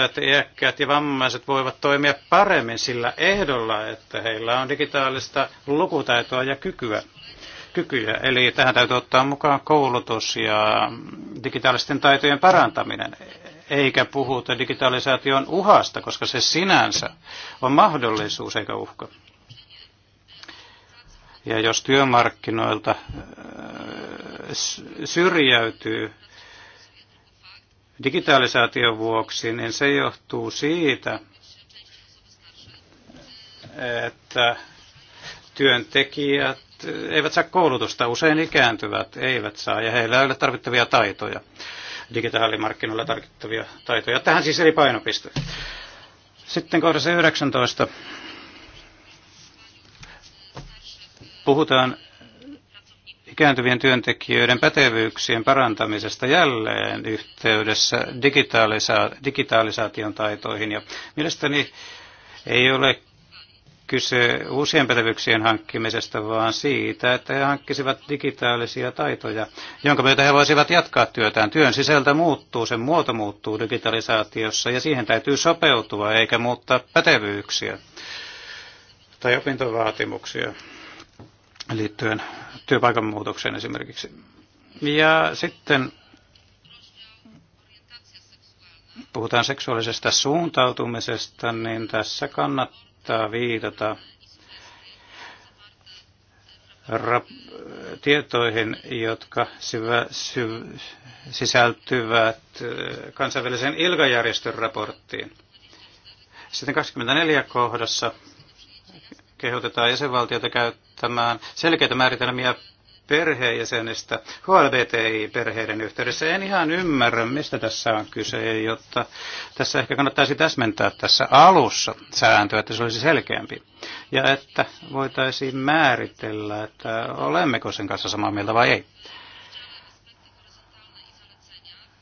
sitä, että iäkkäät ja vammaiset voivat toimia paremmin sillä ehdolla, että heillä on digitaalista lukutaitoa ja kykyä. kykyjä. Eli tähän täytyy ottaa mukaan koulutus ja digitaalisten taitojen parantaminen, eikä puhuta digitalisaation uhasta, koska se sinänsä on mahdollisuus eikä uhka. Ja jos työmarkkinoilta äh, syrjäytyy digitalisaation vuoksi, niin se johtuu siitä, että työntekijät eivät saa koulutusta, usein ikääntyvät eivät saa, ja heillä ei ole tarvittavia taitoja, digitaalimarkkinoilla tarvittavia taitoja. Tähän siis eri painopiste. Sitten kohdassa 19 puhutaan ikääntyvien työntekijöiden pätevyyksien parantamisesta jälleen yhteydessä digitaalisa- digitaalisaation taitoihin. Ja mielestäni ei ole kyse uusien pätevyyksien hankkimisesta, vaan siitä, että he hankkisivat digitaalisia taitoja, jonka myötä he voisivat jatkaa työtään. Työn sisältä muuttuu, sen muoto muuttuu digitalisaatiossa ja siihen täytyy sopeutua eikä muuttaa pätevyyksiä tai opintovaatimuksia liittyen työpaikan muutokseen esimerkiksi. Ja sitten puhutaan seksuaalisesta suuntautumisesta, niin tässä kannattaa viitata tietoihin, jotka syvä, syv- sisältyvät eh, kansainvälisen ilgajärjestön raporttiin. Sitten 24 kohdassa kehotetaan jäsenvaltioita käyttämään selkeitä määritelmiä perheenjäsenistä HLBTI-perheiden yhteydessä. En ihan ymmärrä, mistä tässä on kyse, jotta tässä ehkä kannattaisi täsmentää tässä alussa sääntöä, että se olisi selkeämpi. Ja että voitaisiin määritellä, että olemmeko sen kanssa samaa mieltä vai ei.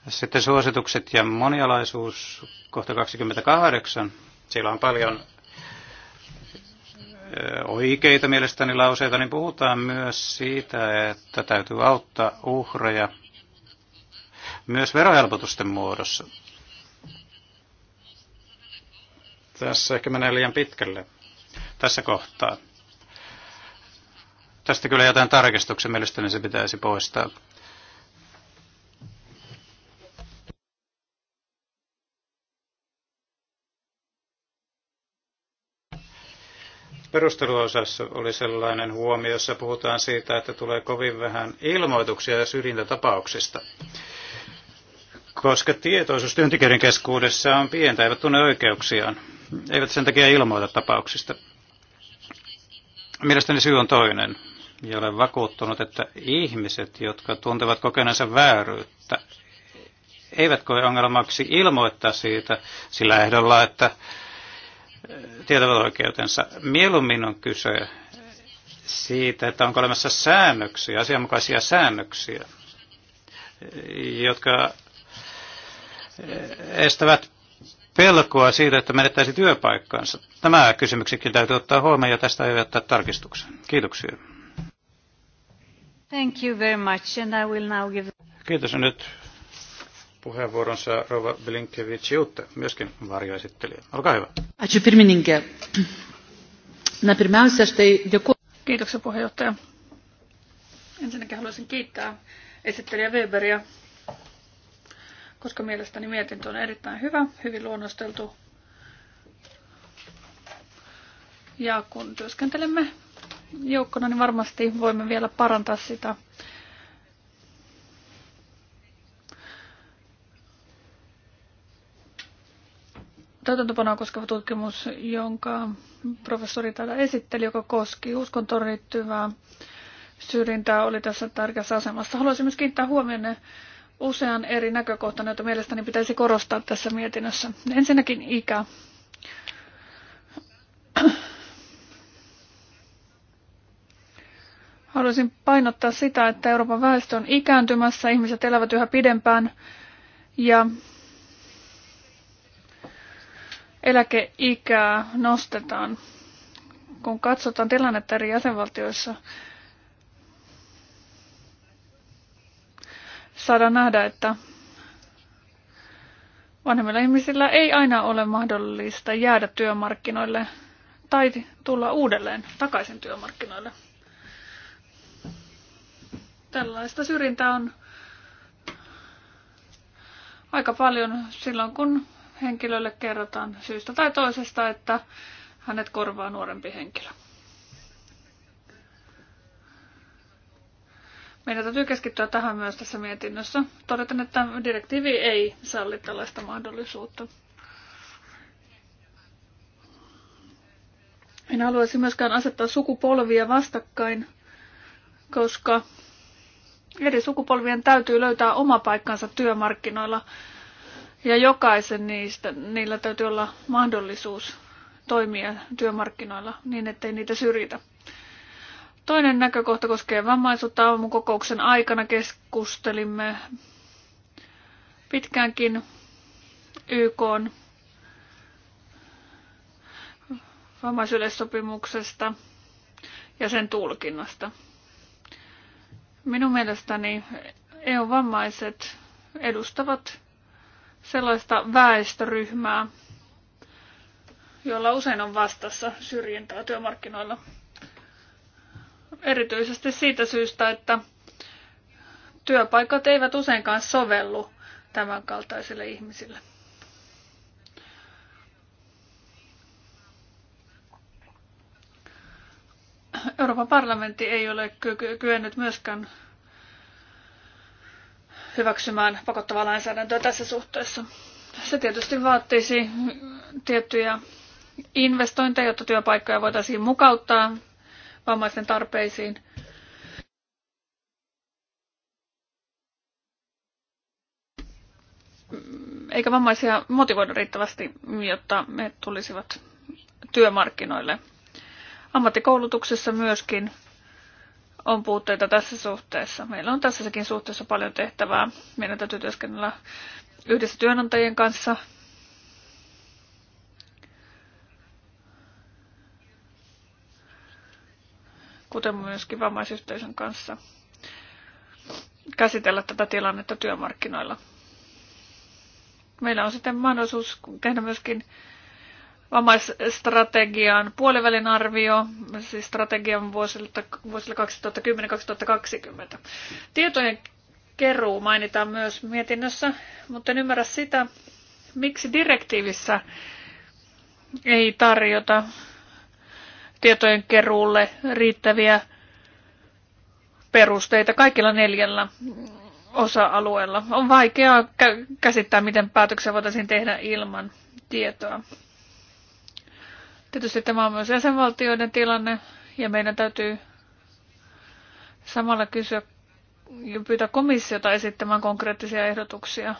Sitten suositukset ja monialaisuus, kohta 28. Siellä on paljon Eh, oikeita mielestäni lauseita, niin puhutaan myös siitä, että täytyy auttaa uhreja myös verohelpotusten muodossa. Tässä ehkä menee liian pitkälle tässä kohtaa. Tästä kyllä jotain tarkistuksen mielestäni se pitäisi poistaa. perusteluosassa oli sellainen huomio, jossa puhutaan siitä, että tulee kovin vähän ilmoituksia syrjintätapauksista. Koska tietoisuus työntekijöiden keskuudessa on pientä, eivät tunne oikeuksiaan, eivät sen takia ilmoita tapauksista. Mielestäni syy on toinen, ja olen vakuuttunut, että ihmiset, jotka tuntevat kokeneensa vääryyttä, eivät koe ongelmaksi ilmoittaa siitä sillä ehdolla, että tietävät oikeutensa. Mieluummin on kyse siitä, että onko olemassa säännöksiä, asianmukaisia säännöksiä, jotka estävät pelkoa siitä, että menettäisi työpaikkaansa. Tämä kysymyksikin täytyy ottaa huomioon ja tästä ei ottaa tarkistuksen. Kiitoksia. Thank you very much, and I will now give... Kiitos. Ja nyt puheenvuoronsa Rova Blinkevich Jutta, myöskin varjoesittelijä. Olkaa hyvä. Ačiū pirmininkė. Na pirmiausia, štai dėkuoju. Kiitoksia puheenjohtaja. Ensinnäkin haluaisin kiittää esittelijä Weberia, koska mielestäni mietintö on erittäin hyvä, hyvin luonnosteltu. Ja kun työskentelemme joukkona, niin varmasti voimme vielä parantaa sitä täytäntöpanoa koskeva tutkimus, jonka professori täällä esitteli, joka koski uskontoon liittyvää syrjintää, oli tässä tärkeässä asemassa. Haluaisin myös kiinnittää huomioon usean eri näkökohtana, joita mielestäni pitäisi korostaa tässä mietinnössä. Ensinnäkin ikä. Haluaisin painottaa sitä, että Euroopan väestö on ikääntymässä, ihmiset elävät yhä pidempään ja eläkeikää nostetaan. Kun katsotaan tilannetta eri jäsenvaltioissa, saadaan nähdä, että vanhemmilla ihmisillä ei aina ole mahdollista jäädä työmarkkinoille tai tulla uudelleen takaisin työmarkkinoille. Tällaista syrjintää on aika paljon silloin, kun henkilölle kerrotaan syystä tai toisesta, että hänet korvaa nuorempi henkilö. Meidän täytyy keskittyä tähän myös tässä mietinnössä. Todetaan, että direktiivi ei salli tällaista mahdollisuutta. En haluaisi myöskään asettaa sukupolvia vastakkain, koska eri sukupolvien täytyy löytää oma paikkansa työmarkkinoilla ja jokaisen niistä, niillä täytyy olla mahdollisuus toimia työmarkkinoilla niin, ettei niitä syrjitä. Toinen näkökohta koskee vammaisuutta. Aamukokouksen aikana keskustelimme pitkäänkin YK vammaisyleissopimuksesta ja sen tulkinnasta. Minun mielestäni EU-vammaiset edustavat sellaista väestöryhmää, jolla usein on vastassa syrjintää työmarkkinoilla. Erityisesti siitä syystä, että työpaikat eivät useinkaan sovellu tämän kaltaisille ihmisille. Euroopan parlamentti ei ole kyennyt myöskään hyväksymään pakottavaa lainsäädäntöä tässä suhteessa. Se tietysti vaatisi tiettyjä investointeja, jotta työpaikkoja voitaisiin mukauttaa vammaisten tarpeisiin. Eikä vammaisia motivoida riittävästi, jotta me tulisivat työmarkkinoille. Ammattikoulutuksessa myöskin on puutteita tässä suhteessa. Meillä on tässäkin suhteessa paljon tehtävää. Meidän täytyy työskennellä yhdessä työnantajien kanssa. kuten myöskin vammaisyhteisön kanssa käsitellä tätä tilannetta työmarkkinoilla. Meillä on sitten mahdollisuus tehdä myöskin vammaisstrategian puolivälin arvio, siis strategian vuosilta, vuosille 2010-2020. Tietojen keruu mainitaan myös mietinnössä, mutta en ymmärrä sitä, miksi direktiivissä ei tarjota tietojen keruulle riittäviä perusteita kaikilla neljällä osa-alueella. On vaikeaa käsittää, miten päätöksiä voitaisiin tehdä ilman tietoa. Tietysti tämä on myös jäsenvaltioiden tilanne ja meidän täytyy samalla kysyä ja pyytää komissiota esittämään konkreettisia ehdotuksia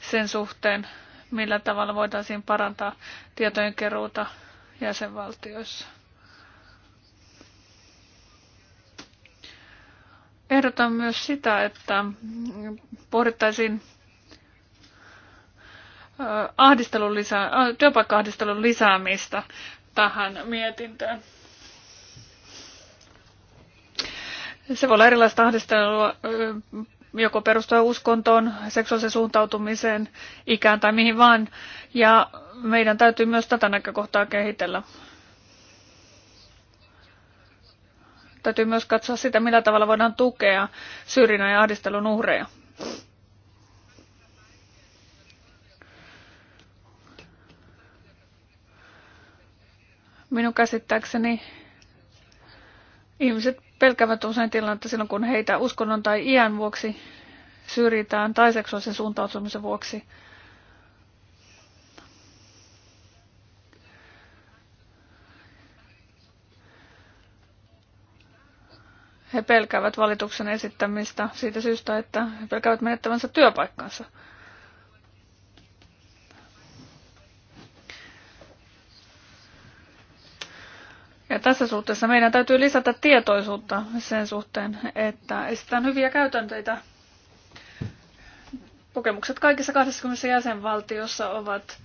sen suhteen, millä tavalla voitaisiin parantaa tietojen keruuta jäsenvaltioissa. Ehdotan myös sitä, että pohdittaisiin ahdistelun lisää, työpaikka-ahdistelun lisäämistä tähän mietintöön. Se voi olla erilaista ahdistelua, joko perustua uskontoon, seksuaaliseen suuntautumiseen, ikään tai mihin vaan. Ja meidän täytyy myös tätä näkökohtaa kehitellä. Täytyy myös katsoa sitä, millä tavalla voidaan tukea syrjinnän ja ahdistelun uhreja. Minun käsittääkseni ihmiset pelkäävät usein tilannetta silloin, kun heitä uskonnon tai iän vuoksi syrjitään tai seksuaalisen suuntautumisen vuoksi. He pelkäävät valituksen esittämistä siitä syystä, että he pelkäävät menettävänsä työpaikkansa. Ja tässä suhteessa meidän täytyy lisätä tietoisuutta sen suhteen, että estetään hyviä käytänteitä. Kokemukset kaikissa 20 jäsenvaltiossa ovat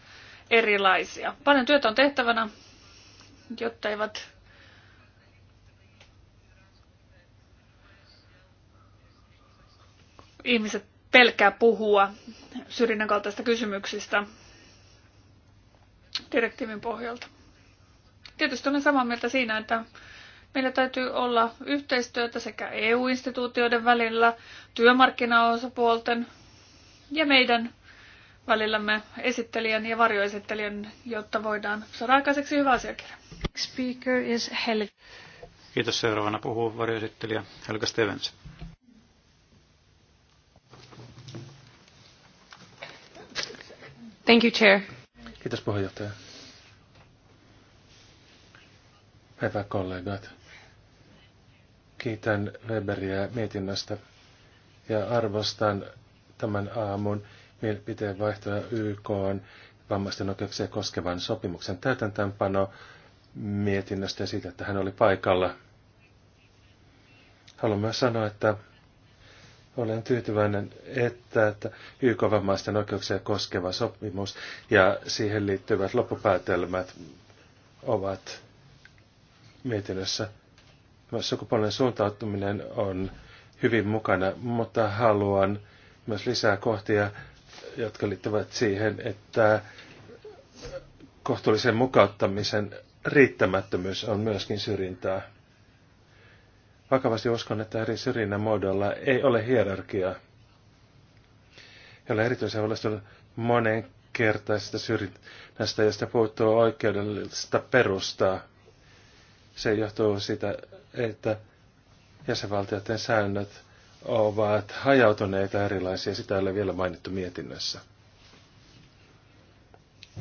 erilaisia. Paljon työtä on tehtävänä, jotta eivät ihmiset pelkää puhua syrjinnän kaltaista kysymyksistä direktiivin pohjalta. Tietysti olen samaa mieltä siinä, että meillä täytyy olla yhteistyötä sekä EU-instituutioiden välillä, työmarkkinaosapuolten ja meidän välillämme esittelijän ja varjoesittelijän, jotta voidaan saada aikaiseksi hyvä asiakirja. Speaker is Helga. Kiitos. Seuraavana puhuu varjoesittelijä Helga Stevens. Thank you, Chair. Kiitos puheenjohtaja. Hyvä kollegat. Kiitän Weberiä mietinnöstä ja arvostan tämän aamun mielipiteen vaihtoja YK on vammaisten oikeuksia koskevan sopimuksen täytäntöönpano mietinnöstä ja siitä, että hän oli paikalla. Haluan myös sanoa, että olen tyytyväinen, että, että YK vammaisten oikeuksia koskeva sopimus ja siihen liittyvät loppupäätelmät ovat mietinnössä. Myös sukupuolen suuntautuminen on hyvin mukana, mutta haluan myös lisää kohtia, jotka liittyvät siihen, että kohtuullisen mukauttamisen riittämättömyys on myöskin syrjintää. Vakavasti uskon, että eri syrjinnän muodoilla ei ole hierarkiaa. Jolla erityisen huolestunut monenkertaisesta syrjinnästä, josta puuttuu oikeudellista perustaa – se johtuu siitä, että jäsenvaltioiden säännöt ovat hajautuneita erilaisia. Sitä ei ole vielä mainittu mietinnössä.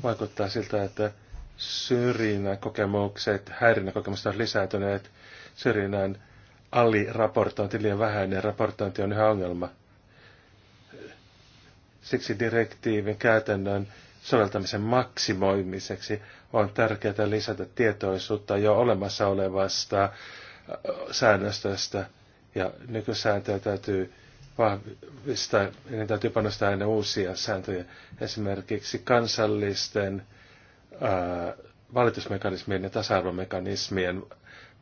Vaikuttaa siltä, että syrjinnän kokemukset, häirinnän kokemukset ovat lisääntyneet. Syrjinnän aliraportointi, liian vähäinen raportointi on yhä ongelma. Siksi direktiivin käytännön soveltamisen maksimoimiseksi on tärkeää lisätä tietoisuutta jo olemassa olevasta äh, säännöstöstä ja nykysääntöjä täytyy vahvistaa, niin täytyy panostaa aina uusia sääntöjä. Esimerkiksi kansallisten ää, äh, valitusmekanismien ja tasa-arvomekanismien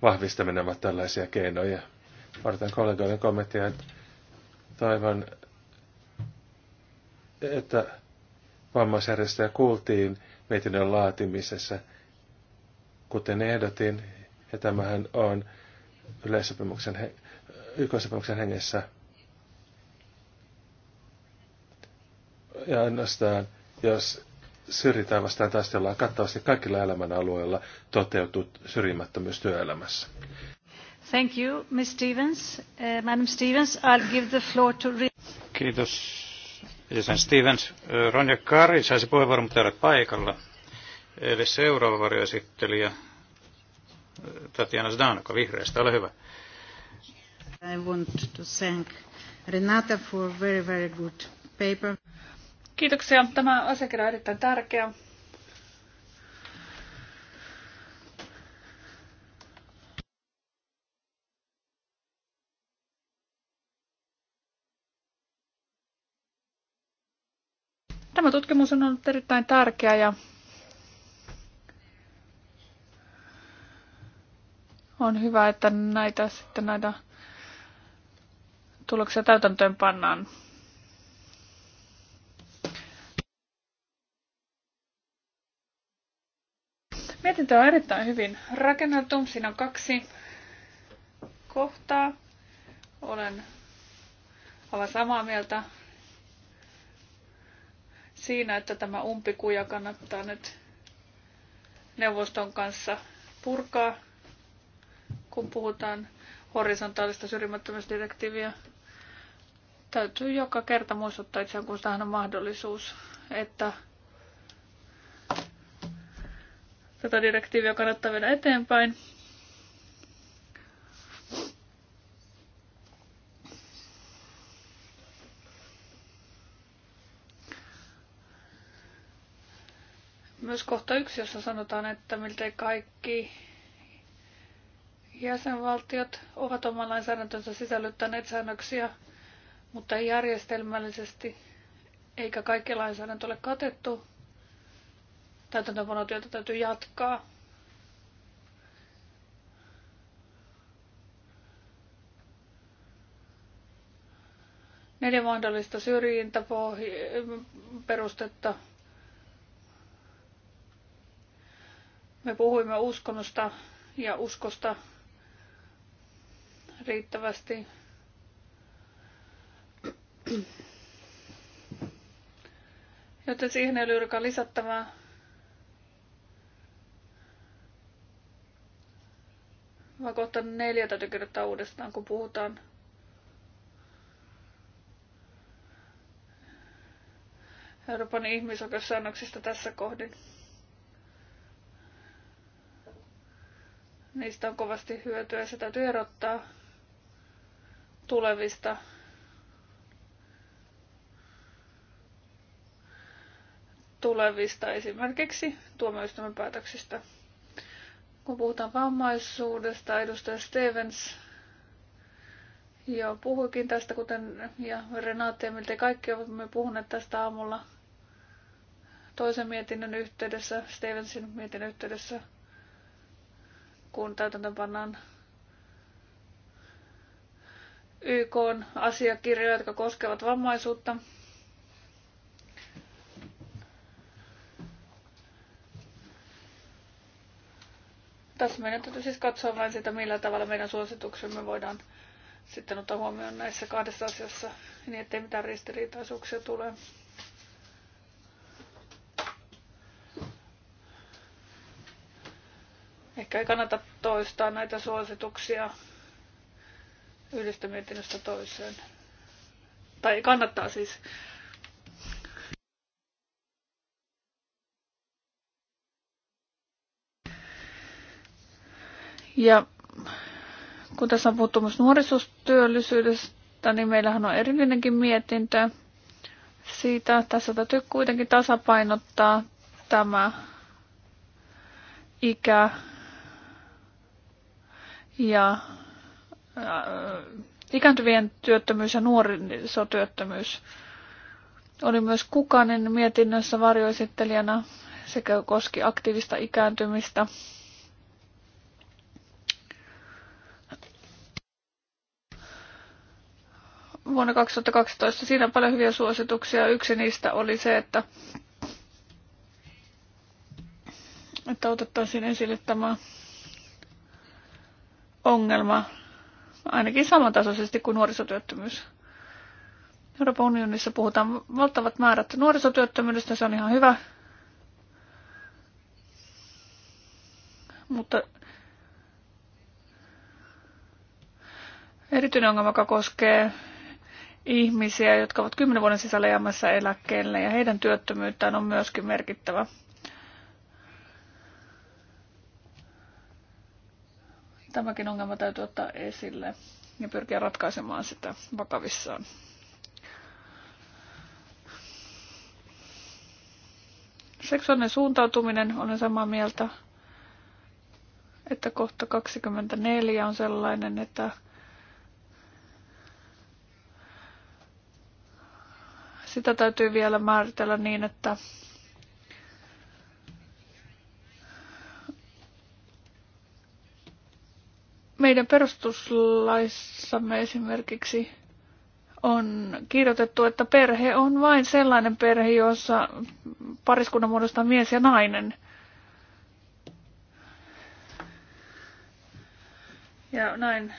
vahvistaminen ovat tällaisia keinoja. Varten kollegoiden että Toivon, että vammaisjärjestöjä kuultiin mietinnön laatimisessa, kuten ehdotin, ja tämähän on yleissopimuksen, yk hengessä. Ja ainoastaan, jos syrjitään vastaan taistellaan kattavasti kaikilla elämän alueilla, toteutut syrjimättömyys työelämässä. Thank you, Ms. Stevens. Uh, Madam Stevens, I'll give the floor to... Kiitos. Sen Stevens, uh, Ronja Kari saisi puheenvuoron, mutta ei ole paikalla. Eli seuraava varjoesittelijä, uh, Tatjana Zdanoka, vihreästä, ole hyvä. I want to thank Renata for very, very good paper. Kiitoksia. Tämä asiakirja on erittäin tärkeä. Tämä tutkimus on ollut erittäin tärkeä ja on hyvä, että näitä, sitten näitä tuloksia täytäntöön pannaan. Mietintö on erittäin hyvin rakennettu. Siinä on kaksi kohtaa. Olen aivan samaa mieltä siinä, että tämä umpikuja kannattaa nyt neuvoston kanssa purkaa, kun puhutaan horisontaalista syrjimättömyysdirektiiviä. Täytyy joka kerta muistuttaa itseään, kun tähän on mahdollisuus, että tätä direktiiviä kannattaa viedä eteenpäin. myös kohta yksi, jossa sanotaan, että miltei kaikki jäsenvaltiot ovat oman lainsäädäntönsä sisällyttäneet säännöksiä, mutta ei järjestelmällisesti, eikä kaikki lainsäädäntö ole katettu. Täytäntöönpanotyötä täytyy jatkaa. Neljä mahdollista syrjintäperustetta. Pohj- Me puhuimme uskonnosta ja uskosta riittävästi. Joten siihen ei ole lisättävää. Mä kohta neljä täytyy kirjoittaa uudestaan, kun puhutaan Euroopan ihmisoikeussäännöksistä tässä kohdin. Niistä on kovasti hyötyä ja se täytyy erottaa tulevista tulevista esimerkiksi tuomioistuimen päätöksistä. Kun puhutaan vammaisuudesta, edustaja Stevens jo puhuikin tästä, kuten ja Renate ja miltei kaikki olemme puhuneet tästä aamulla toisen mietinnön yhteydessä, Stevensin mietinnön yhteydessä – kun täytäntöönpannaan YK asiakirjoja, jotka koskevat vammaisuutta. Tässä meidän täytyy siis katsoa vain sitä, millä tavalla meidän suosituksemme voidaan sitten ottaa huomioon näissä kahdessa asiassa, niin ettei mitään ristiriitaisuuksia tule. Ehkä ei kannata toistaa näitä suosituksia yhdestä mietinnöstä toiseen. Tai kannattaa siis. Ja kun tässä on puhuttu myös nuorisotyöllisyydestä, niin meillähän on erillinenkin mietintö siitä. Tässä täytyy kuitenkin tasapainottaa tämä ikä ja äh, ikääntyvien työttömyys ja nuorisotyöttömyys. Oli myös Kukanen mietinnössä varjoesittelijänä sekä koski aktiivista ikääntymistä. Vuonna 2012 siinä on paljon hyviä suosituksia. Yksi niistä oli se, että, että otettaisiin esille tämä ongelma, ainakin samantasoisesti kuin nuorisotyöttömyys. Euroopan unionissa puhutaan valtavat määrät nuorisotyöttömyydestä, se on ihan hyvä. Mutta erityinen ongelma, joka koskee ihmisiä, jotka ovat kymmenen vuoden sisällä jäämässä eläkkeelle ja heidän työttömyyttään on myöskin merkittävä. tämäkin ongelma täytyy ottaa esille ja pyrkiä ratkaisemaan sitä vakavissaan. Seksuaalinen suuntautuminen, olen samaa mieltä, että kohta 24 on sellainen, että sitä täytyy vielä määritellä niin, että Meidän perustuslaissamme esimerkiksi on kirjoitettu, että perhe on vain sellainen perhe, jossa pariskunnan muodostaa mies ja nainen. Ja näin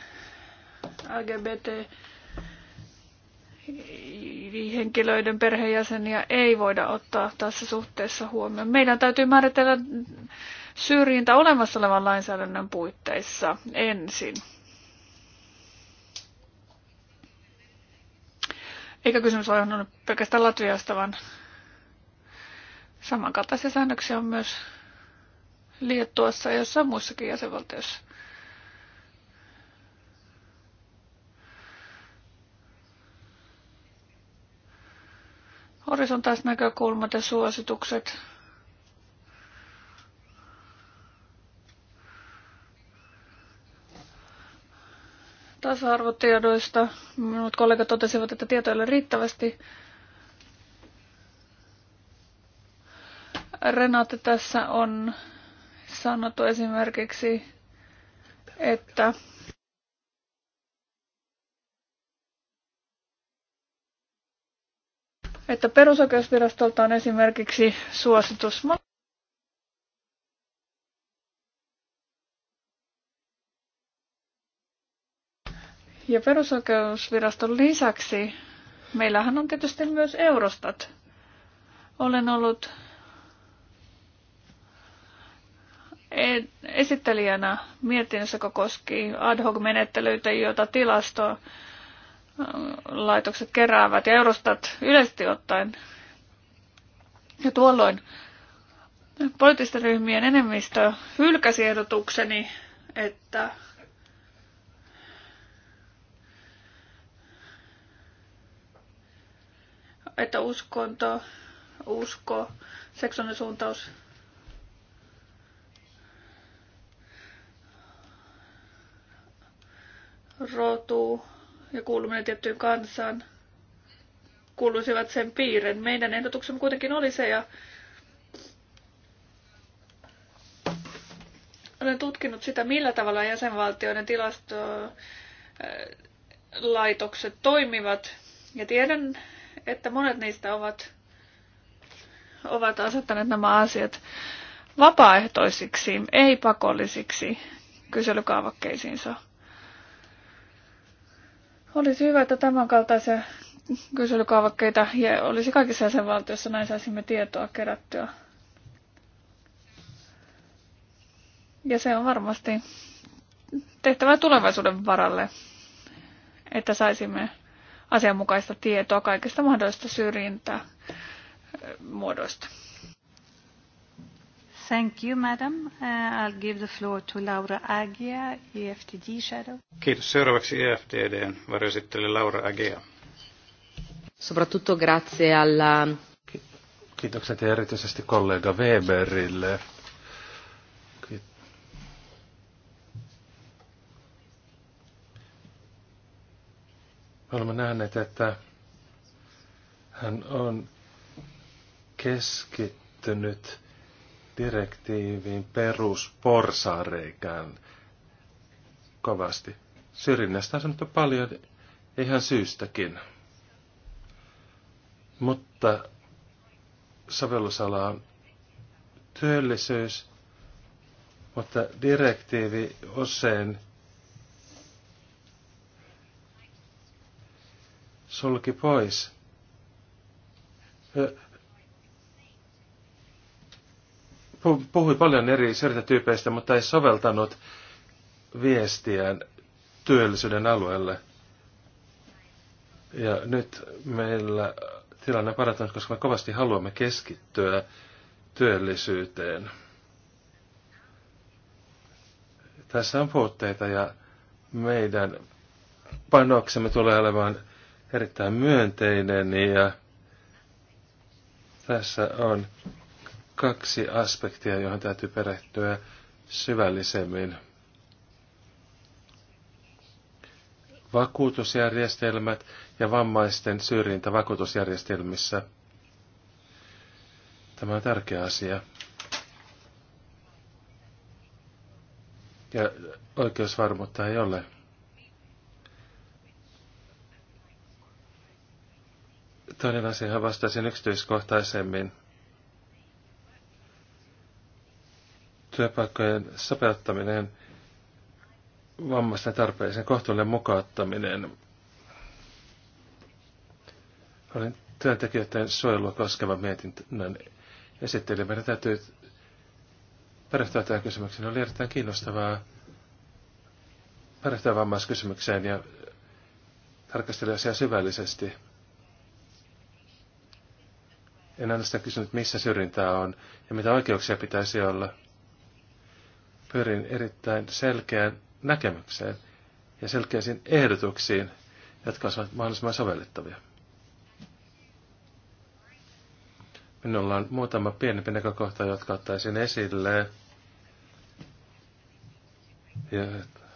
LGBT henkilöiden perheenjäseniä ei voida ottaa tässä suhteessa huomioon. Meidän täytyy määritellä syrjintä olemassa olevan lainsäädännön puitteissa ensin. Eikä kysymys ole ollut pelkästään Latviasta, vaan samankaltaisia säännöksiä on myös Liettuassa ja jossain muissakin jäsenvaltioissa. Horisontaiset näkökulmat ja suositukset tasa-arvotiedoista. Minut kollegat totesivat, että tietoja ei ole riittävästi. Renate tässä on sanottu esimerkiksi, että että perusoikeusvirastolta on esimerkiksi suositus Ja perusoikeusviraston lisäksi meillähän on tietysti myös Eurostat. Olen ollut esittelijänä mietinnössä, joka koski ad hoc-menettelyitä, joita tilasto-laitokset keräävät ja Eurostat yleisesti ottaen. Ja tuolloin poliittisten ryhmien enemmistö hylkäsi ehdotukseni, että että uskonto, usko, seksuaalinen suuntaus rotu ja kuuluminen tiettyyn kansaan kuuluisivat sen piiren. Meidän ehdotuksemme kuitenkin oli se ja olen tutkinut sitä, millä tavalla jäsenvaltioiden tilastolaitokset toimivat. Ja tiedän, että monet niistä ovat, ovat asettaneet nämä asiat vapaaehtoisiksi, ei pakollisiksi kyselykaavakkeisiinsa. Olisi hyvä, että tämänkaltaisia kyselykaavakkeita ja olisi kaikissa jäsenvaltioissa, näin saisimme tietoa kerättyä. Ja se on varmasti tehtävä tulevaisuuden varalle, että saisimme asianmukaista tietoa kaikista mahdollisista syrjintämuodoista. Thank you, madam. Uh, I'll give the floor to Laura Agia, EFTD Shadow. Kiitos. Seuraavaksi EFTDn varjoesittely Laura Agia. Soprattutto grazie alla... Kiitokset erityisesti kollega Weberille Me olemme nähneet, että hän on keskittynyt direktiivin perusporsareikään kovasti. Syrjinnästä on sanottu paljon, ihan syystäkin. Mutta sovellusala on työllisyys, mutta direktiivi usein sulki pois. Puhui paljon eri syrjintätyypeistä, mutta ei soveltanut viestiään työllisyyden alueelle. Ja nyt meillä tilanne on parantunut, koska me kovasti haluamme keskittyä työllisyyteen. Tässä on puutteita ja meidän panoksemme tulee olemaan erittäin myönteinen ja tässä on kaksi aspektia, johon täytyy perehtyä syvällisemmin. Vakuutusjärjestelmät ja vammaisten syrjintä vakuutusjärjestelmissä. Tämä on tärkeä asia. Ja oikeusvarmuutta ei ole. Toinen asia vastasi yksityiskohtaisemmin. Työpaikkojen sopeuttaminen, vammaisten tarpeeseen kohtuullinen mukauttaminen. Olin työntekijöiden suojelua koskevan mietinnön esittely. Meidän täytyy perehtyä tähän kysymykseen. Oli erittäin kiinnostavaa perehtyä vammaiskysymykseen ja tarkastella asiaa syvällisesti. En sitä kysynyt, missä syrjintää on ja mitä oikeuksia pitäisi olla. Pyrin erittäin selkeään näkemykseen ja selkeisiin ehdotuksiin, jotka ovat mahdollisimman sovellettavia. Minulla on muutama pienempi näkökohta, jotka ottaisin esille. Ja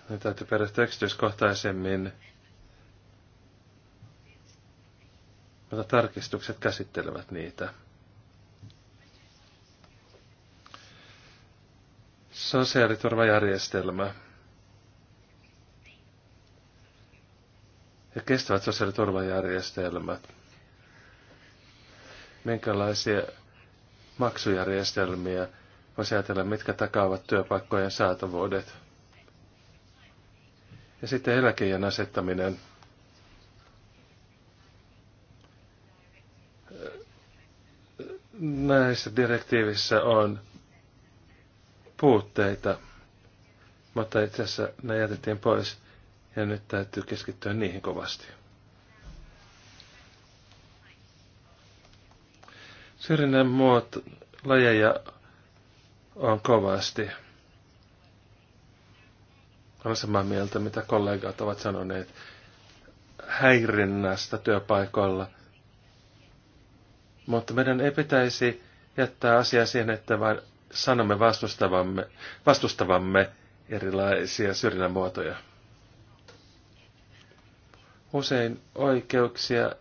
ne täytyy perehtyä yksityiskohtaisemmin mutta tarkistukset käsittelevät niitä. Sosiaaliturvajärjestelmä ja kestävät sosiaaliturvajärjestelmät. Minkälaisia maksujärjestelmiä voisi ajatella, mitkä takaavat työpaikkojen saatavuudet. Ja sitten eläkeijän asettaminen – näissä direktiivissä on puutteita, mutta itse asiassa ne jätettiin pois ja nyt täytyy keskittyä niihin kovasti. Syrjinnän muot, lajeja on kovasti. Olen samaa mieltä, mitä kollegat ovat sanoneet häirinnästä työpaikoilla – mutta meidän ei pitäisi jättää asiaa siihen, että vain sanomme vastustavamme, vastustavamme erilaisia syrjinnän muotoja. Usein oikeuksia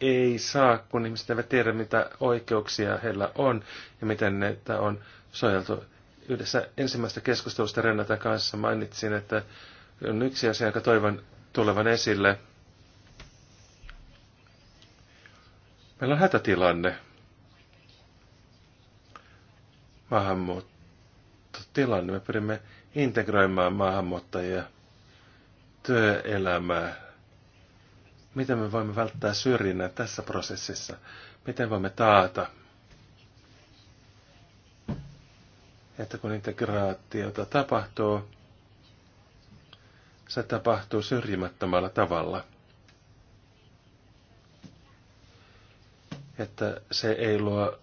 ei saa, kun ihmiset eivät tiedä, mitä oikeuksia heillä on ja miten että on suojeltu. Yhdessä ensimmäistä keskustelusta Renata kanssa mainitsin, että on yksi asia, jonka toivon tulevan esille – Meillä on hätätilanne. Maahanmuuttotilanne. Me pyrimme integroimaan maahanmuuttajia työelämää. Miten me voimme välttää syrjinnän tässä prosessissa? Miten voimme taata, että kun integraatiota tapahtuu, se tapahtuu syrjimättömällä tavalla – että se ei luo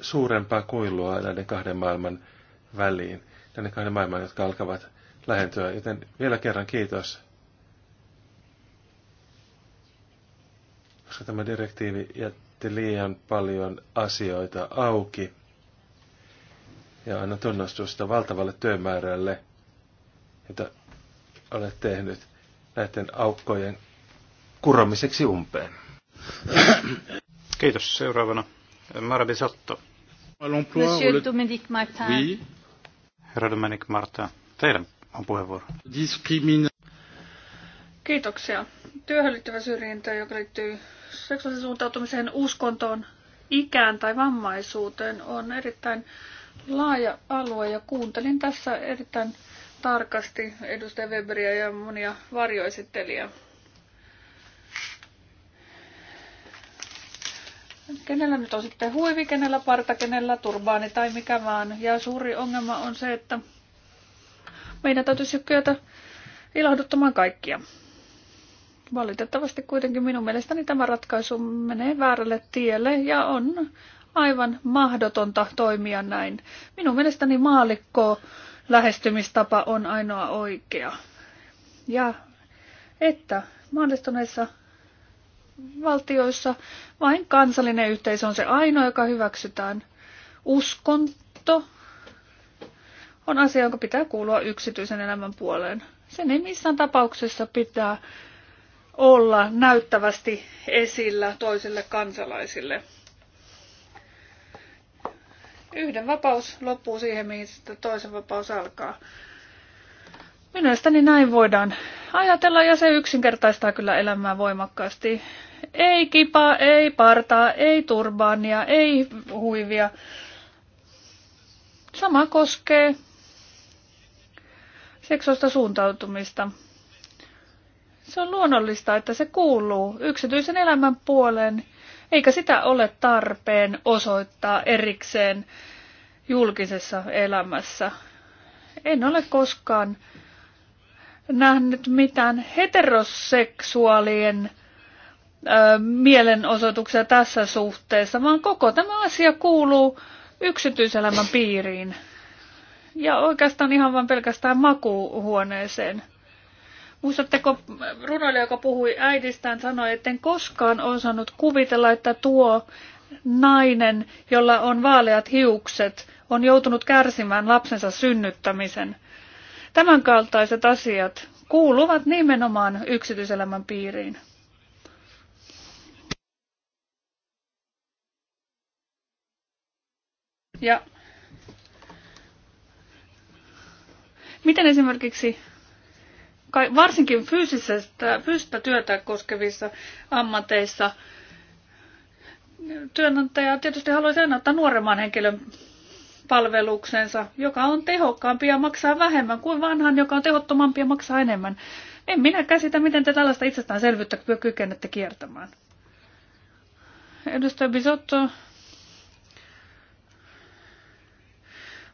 suurempaa kuilua näiden kahden maailman väliin, näiden kahden maailman, jotka alkavat lähentyä. Joten vielä kerran kiitos, koska tämä direktiivi jätti liian paljon asioita auki ja anna tunnustusta valtavalle työmäärälle, jota olet tehnyt näiden aukkojen kuromiseksi umpeen. Kiitos. Seuraavana Marabi Satto. Monsieur Dominique Martin. Oui. Herra Dominique Martin, teidän on puheenvuoro. Discrimina. Kiitoksia. Työhön liittyvä syrjintä, joka liittyy seksuaalisen suuntautumiseen, uskontoon, ikään tai vammaisuuteen, on erittäin laaja alue ja kuuntelin tässä erittäin tarkasti edustaja Weberiä ja monia varjoesittelijää. kenellä nyt on sitten huivi, kenellä parta, kenellä turbaani tai mikä vaan. Ja suuri ongelma on se, että meidän täytyisi kyetä ilahduttamaan kaikkia. Valitettavasti kuitenkin minun mielestäni tämä ratkaisu menee väärälle tielle ja on aivan mahdotonta toimia näin. Minun mielestäni maalikko lähestymistapa on ainoa oikea. Ja että mahdollistuneissa valtioissa vain kansallinen yhteisö on se ainoa, joka hyväksytään. Uskonto on asia, jonka pitää kuulua yksityisen elämän puoleen. Sen ei missään tapauksessa pitää olla näyttävästi esillä toisille kansalaisille. Yhden vapaus loppuu siihen, mihin toisen vapaus alkaa. Mielestäni näin voidaan ajatella ja se yksinkertaistaa kyllä elämää voimakkaasti. Ei kipaa, ei partaa, ei turbaania, ei huivia. Sama koskee seksuaalista suuntautumista. Se on luonnollista, että se kuuluu yksityisen elämän puoleen, eikä sitä ole tarpeen osoittaa erikseen julkisessa elämässä. En ole koskaan nähnyt mitään heteroseksuaalien ö, mielenosoituksia tässä suhteessa, vaan koko tämä asia kuuluu yksityiselämän piiriin. Ja oikeastaan ihan vain pelkästään makuuhuoneeseen. Muistatteko runoilija, joka puhui äidistään, sanoi, että en koskaan osannut kuvitella, että tuo nainen, jolla on vaaleat hiukset, on joutunut kärsimään lapsensa synnyttämisen – Tämänkaltaiset asiat kuuluvat nimenomaan yksityiselämän piiriin. Ja miten esimerkiksi varsinkin fyysisestä, fyysistä työtä koskevissa ammateissa työnantaja tietysti haluaisi aina ottaa nuoremman henkilön palveluksensa, joka on tehokkaampi ja maksaa vähemmän kuin vanhan, joka on tehottomampi ja maksaa enemmän. En minä käsitä, miten te tällaista itsestäänselvyyttä kykenette kiertämään. Edustaja Bisotto.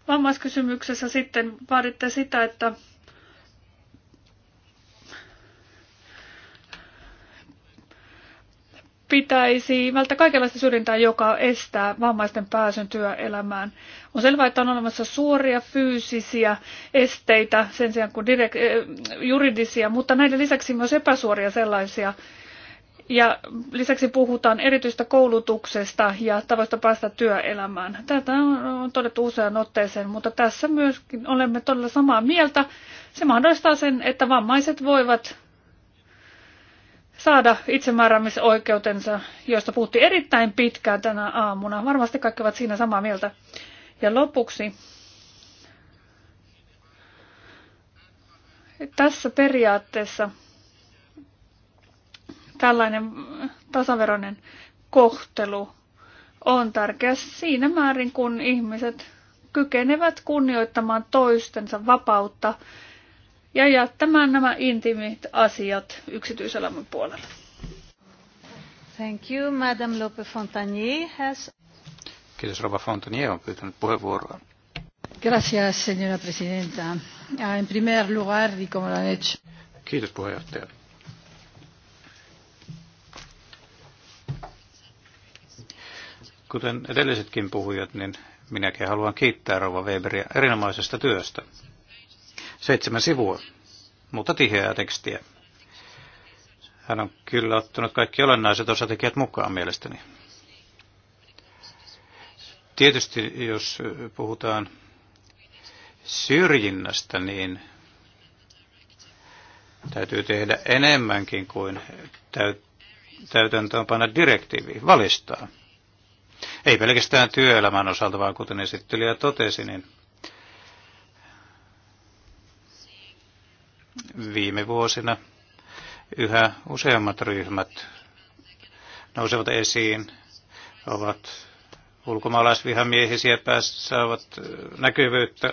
Vammaiskysymyksessä sitten vaaditte sitä, että pitäisi välttää kaikenlaista syrjintää, joka estää vammaisten pääsyn työelämään. On selvää, että on olemassa suoria fyysisiä esteitä sen sijaan kuin direk- eh, juridisia, mutta näiden lisäksi myös epäsuoria sellaisia. Ja lisäksi puhutaan erityistä koulutuksesta ja tavoista päästä työelämään. Tätä on todettu useaan otteeseen, mutta tässä myöskin olemme todella samaa mieltä. Se mahdollistaa sen, että vammaiset voivat saada itsemääräämisoikeutensa, josta puhuttiin erittäin pitkään tänä aamuna. Varmasti kaikki ovat siinä samaa mieltä. Ja lopuksi tässä periaatteessa tällainen tasaveroinen kohtelu on tärkeä siinä määrin, kun ihmiset kykenevät kunnioittamaan toistensa vapautta ja jättämään nämä intimit asiat yksityiselämän puolelle. Thank you, Madame Lope Fontanier has... Kiitos, Rova Fontanier on pyytänyt puheenvuoroa. Gracias, señora presidenta. Ah, en primer lugar, y como lo han hecho... Kiitos, puheenjohtaja. Kuten edellisetkin puhujat, niin minäkin haluan kiittää Rova Weberia erinomaisesta työstä. Seitsemän sivua, mutta tiheää tekstiä. Hän on kyllä ottanut kaikki olennaiset osatekijät mukaan mielestäni. Tietysti jos puhutaan syrjinnästä, niin täytyy tehdä enemmänkin kuin panna direktiivi, valistaa. Ei pelkästään työelämän osalta, vaan kuten esittelijä totesi, niin viime vuosina yhä useammat ryhmät nousevat esiin, ovat ulkomaalaisvihamiehisiä saavat näkyvyyttä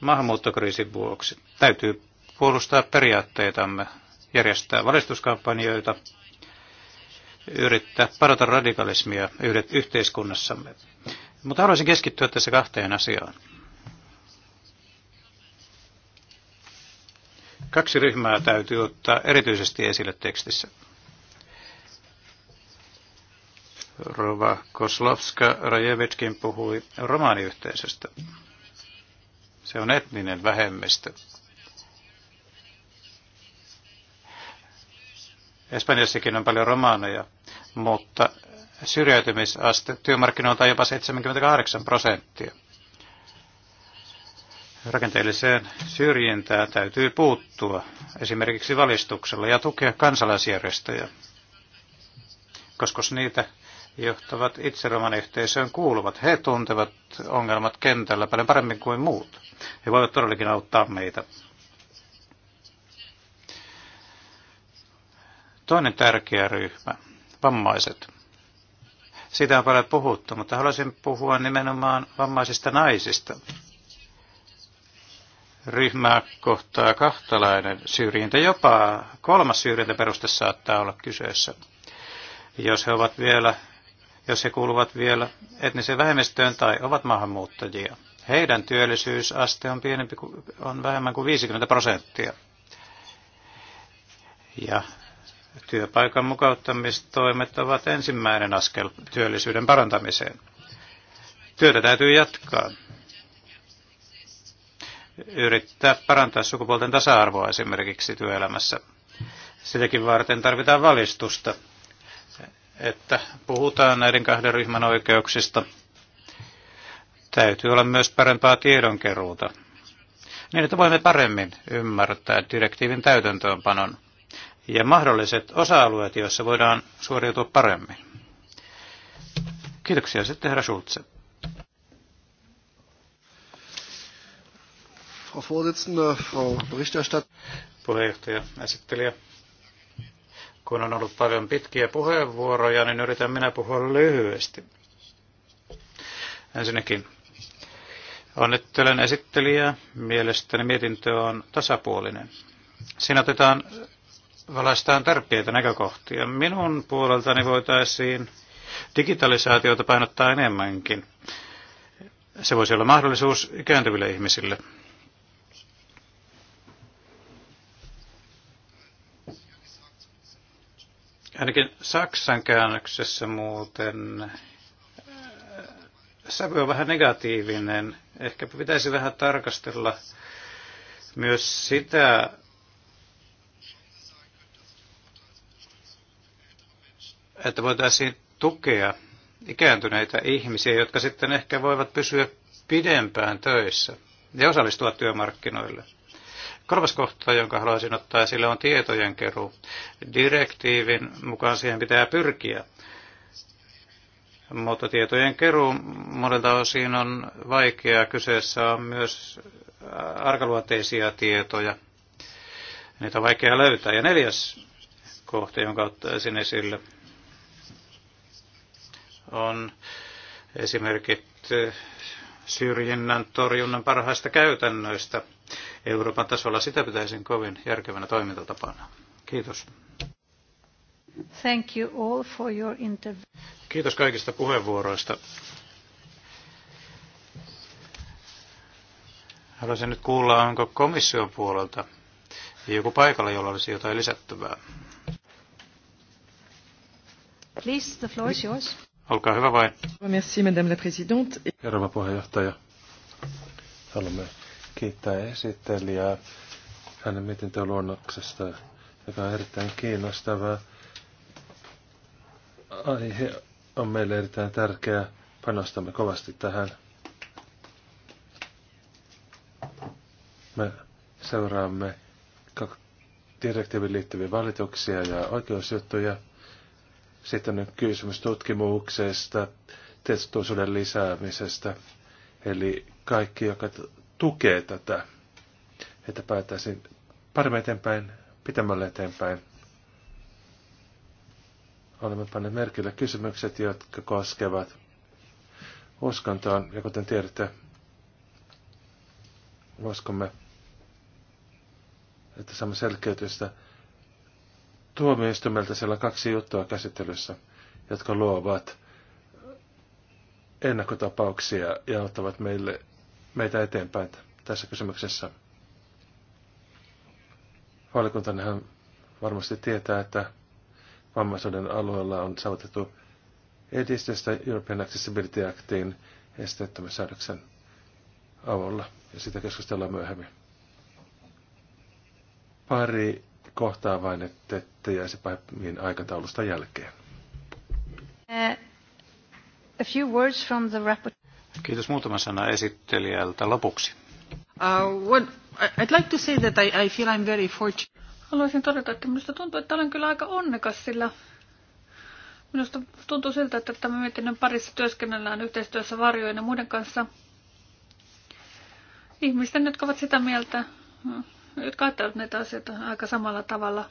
maahanmuuttokriisin vuoksi. Täytyy puolustaa periaatteitamme, järjestää valistuskampanjoita, yrittää parata radikalismia yhdet yhteiskunnassamme. Mutta haluaisin keskittyä tässä kahteen asiaan. Kaksi ryhmää täytyy ottaa erityisesti esille tekstissä. Rova Koslovska Rajevitskin puhui romaaniyhteisöstä. Se on etninen vähemmistö. Espanjassakin on paljon romaaneja, mutta syrjäytymisaste työmarkkinoilta on jopa 78 prosenttia. Rakenteelliseen syrjintään täytyy puuttua esimerkiksi valistuksella ja tukea kansalaisjärjestöjä, koska niitä johtavat itse oman yhteisöön kuuluvat. He tuntevat ongelmat kentällä paljon paremmin kuin muut. He voivat todellakin auttaa meitä. Toinen tärkeä ryhmä, vammaiset. Siitä on paljon puhuttu, mutta haluaisin puhua nimenomaan vammaisista naisista ryhmää kohtaa kahtalainen syrjintä, jopa kolmas syrjintäperuste saattaa olla kyseessä, jos he ovat vielä, jos he kuuluvat vielä etniseen vähemmistöön tai ovat maahanmuuttajia. Heidän työllisyysaste on, pienempi, on vähemmän kuin 50 prosenttia. Ja työpaikan mukauttamistoimet ovat ensimmäinen askel työllisyyden parantamiseen. Työtä täytyy jatkaa yrittää parantaa sukupuolten tasa-arvoa esimerkiksi työelämässä. Sitäkin varten tarvitaan valistusta, että puhutaan näiden kahden ryhmän oikeuksista. Täytyy olla myös parempaa tiedonkeruuta, niin että voimme paremmin ymmärtää direktiivin täytäntöönpanon ja mahdolliset osa-alueet, joissa voidaan suoriutua paremmin. Kiitoksia sitten herra Schulze. Frau Vorsitzende, Frau Berichterstatter. Puheenjohtaja, esittelijä. Kun on ollut paljon pitkiä puheenvuoroja, niin yritän minä puhua lyhyesti. Ensinnäkin onnittelen esittelijää. Mielestäni mietintö on tasapuolinen. Siinä otetaan valaistaan tärkeitä näkökohtia. Minun puoleltani voitaisiin digitalisaatiota painottaa enemmänkin. Se voisi olla mahdollisuus ikääntyville ihmisille. Ainakin Saksan käännöksessä muuten äh, sävy on vähän negatiivinen. Ehkä pitäisi vähän tarkastella myös sitä, että voitaisiin tukea ikääntyneitä ihmisiä, jotka sitten ehkä voivat pysyä pidempään töissä ja osallistua työmarkkinoille. Kolmas kohta, jonka haluaisin ottaa esille, on tietojen keruu. Direktiivin mukaan siihen pitää pyrkiä. Mutta tietojen keruu monelta osin on vaikeaa. Kyseessä on myös arkaluonteisia tietoja. Niitä on vaikea löytää. Ja neljäs kohta, jonka ottaisin esille, on esimerkit syrjinnän torjunnan parhaista käytännöistä – Euroopan tasolla. Sitä pitäisin kovin järkevänä toimintatapana. Kiitos. Thank you all for your Kiitos kaikista puheenvuoroista. Haluaisin nyt kuulla, onko komission puolelta joku paikalla, jolla olisi jotain lisättävää. Please, the floor is yours. Olkaa hyvä vain. Merci, madame la présidente. puheenjohtaja. Haluamme kiittää esittelijää hänen mietintöluonnoksesta, joka on erittäin kiinnostava. Aihe on meille erittäin tärkeä. Panostamme kovasti tähän. Me seuraamme direktiivin liittyviä valituksia ja oikeusjuttuja. Sitten on kysymys tutkimuksesta, testoisuuden lisäämisestä. Eli kaikki, joka tukee tätä, että päätäisiin paremmin eteenpäin, pitämällä eteenpäin. Olemme panneet merkille kysymykset, jotka koskevat uskontoon, ja kuten tiedätte, uskomme, että saamme selkeytystä tuomioistumelta. Siellä on kaksi juttua käsittelyssä, jotka luovat ennakkotapauksia ja ottavat meille meitä eteenpäin tässä kysymyksessä. Valikuntanehan varmasti tietää, että vammaisuuden alueella on saavutettu edistystä European Accessibility Actiin esteettömyyssäädöksen avulla, ja sitä keskustellaan myöhemmin. Pari kohtaa vain, että, että jäisi pahemmin aikataulusta jälkeen. Uh, a few words from the rapport. Kiitos muutama sana esittelijältä lopuksi. Uh, what, I'd like to say that I, I feel I'm very fortunate. Haluaisin todeta, että minusta tuntuu, että olen kyllä aika onnekas, sillä minusta tuntuu siltä, että tämä mietinnön parissa työskennellään yhteistyössä varjojen ja muiden kanssa ihmisten, jotka ovat sitä mieltä, jotka ajattelevat näitä asioita aika samalla tavalla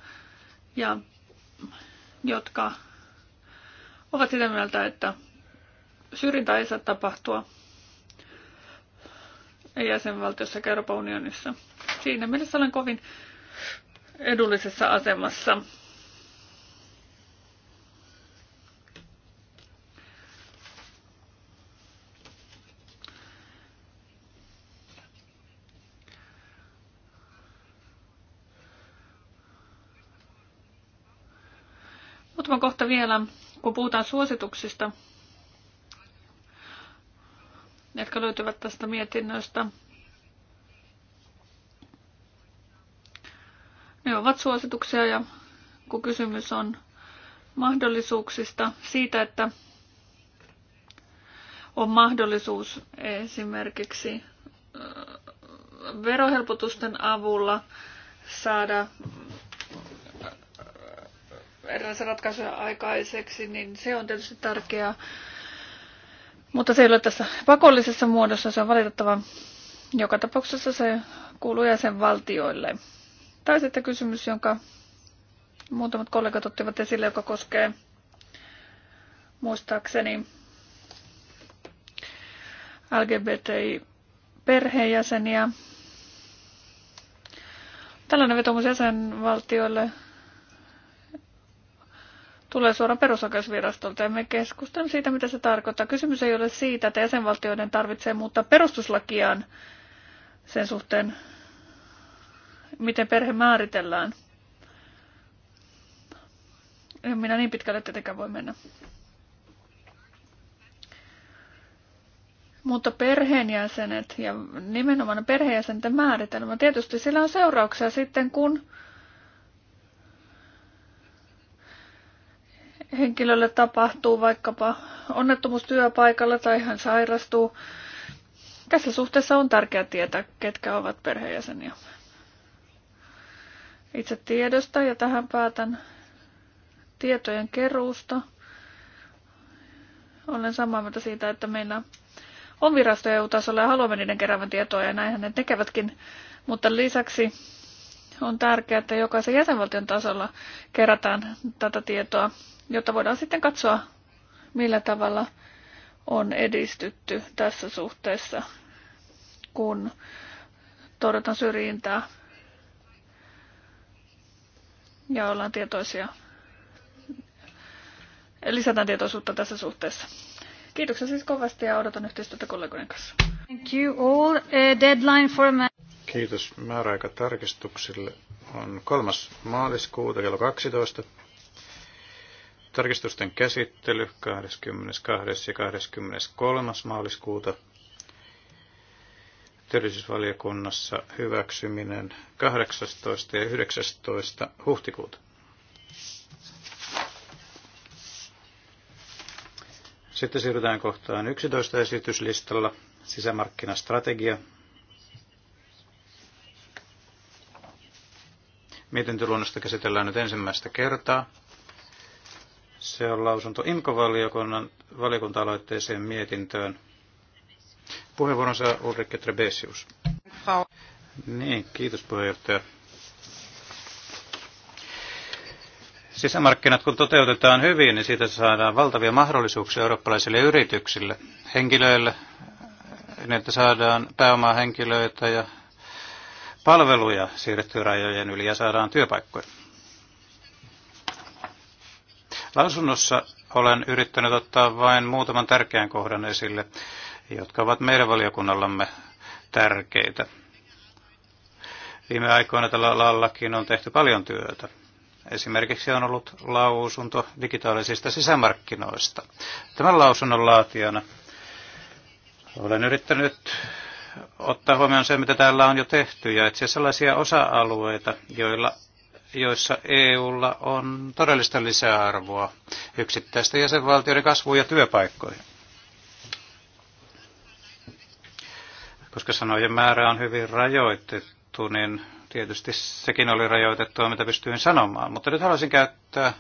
ja jotka ovat sitä mieltä, että syrjintä ei saa tapahtua jäsenvaltiossa sekä Euroopan unionissa. Siinä mielessä olen kovin edullisessa asemassa. Muutama kohta vielä, kun puhutaan suosituksista jotka löytyvät tästä mietinnöstä. Ne ovat suosituksia ja kun kysymys on mahdollisuuksista siitä, että on mahdollisuus esimerkiksi äh, verohelpotusten avulla saada äh, äh, erilaisia ratkaisuja aikaiseksi, niin se on tietysti tärkeää. Mutta se ei ole tässä pakollisessa muodossa, se on valitettava. Joka tapauksessa se kuuluu jäsenvaltioille. Tai sitten kysymys, jonka muutamat kollegat ottivat esille, joka koskee muistaakseni LGBTI-perheenjäseniä. Tällainen vetomus jäsenvaltioille tulee suoraan perusoikeusvirastolta ja me keskustelemme siitä, mitä se tarkoittaa. Kysymys ei ole siitä, että jäsenvaltioiden tarvitsee muuttaa perustuslakiaan sen suhteen, miten perhe määritellään. En minä niin pitkälle tietenkään voi mennä. Mutta perheenjäsenet ja nimenomaan perheenjäsenten määritelmä, tietysti sillä on seurauksia sitten, kun henkilölle tapahtuu vaikkapa onnettomuus työpaikalla tai hän sairastuu. Tässä suhteessa on tärkeää tietää, ketkä ovat perheenjäseniä. Itse tiedosta ja tähän päätän tietojen keruusta. Olen samaa mieltä siitä, että meillä on virasto EU-tasolla ja haluamme niiden keräävän tietoa ja näinhän ne tekevätkin. Mutta lisäksi on tärkeää, että jokaisen jäsenvaltion tasolla kerätään tätä tietoa jotta voidaan sitten katsoa, millä tavalla on edistytty tässä suhteessa, kun torjutaan syrjintää ja ollaan tietoisia. Lisätään tietoisuutta tässä suhteessa. Kiitoksia siis kovasti ja odotan yhteistyötä kollegoiden kanssa. Thank you all. A deadline for a Kiitos. Määräaika on 3. maaliskuuta kello 12. Tarkistusten käsittely 22. ja 23. maaliskuuta. Työllisyysvaliokunnassa hyväksyminen 18. ja 19. huhtikuuta. Sitten siirrytään kohtaan 11 esityslistalla sisämarkkinastrategia. Mietintöluonnosta käsitellään nyt ensimmäistä kertaa. Se on lausunto IMKO-valiokunnan valiokunta-aloitteeseen mietintöön. Puheenvuoron Ulrike Trebesius. Niin, kiitos puheenjohtaja. Sisämarkkinat kun toteutetaan hyvin, niin siitä saadaan valtavia mahdollisuuksia eurooppalaisille yrityksille, henkilöille, niin että saadaan pääomaa henkilöitä ja palveluja siirrettyä rajojen yli ja saadaan työpaikkoja. Lausunnossa olen yrittänyt ottaa vain muutaman tärkeän kohdan esille, jotka ovat meidän valiokunnallamme tärkeitä. Viime aikoina tällä alallakin on tehty paljon työtä. Esimerkiksi on ollut lausunto digitaalisista sisämarkkinoista. Tämän lausunnon laatijana olen yrittänyt ottaa huomioon se, mitä täällä on jo tehty, ja etsiä sellaisia osa-alueita, joilla joissa EUlla on todellista lisäarvoa yksittäisten jäsenvaltioiden kasvuun ja työpaikkoihin. Koska sanojen määrä on hyvin rajoitettu, niin tietysti sekin oli rajoitettua, mitä pystyin sanomaan. Mutta nyt haluaisin käyttää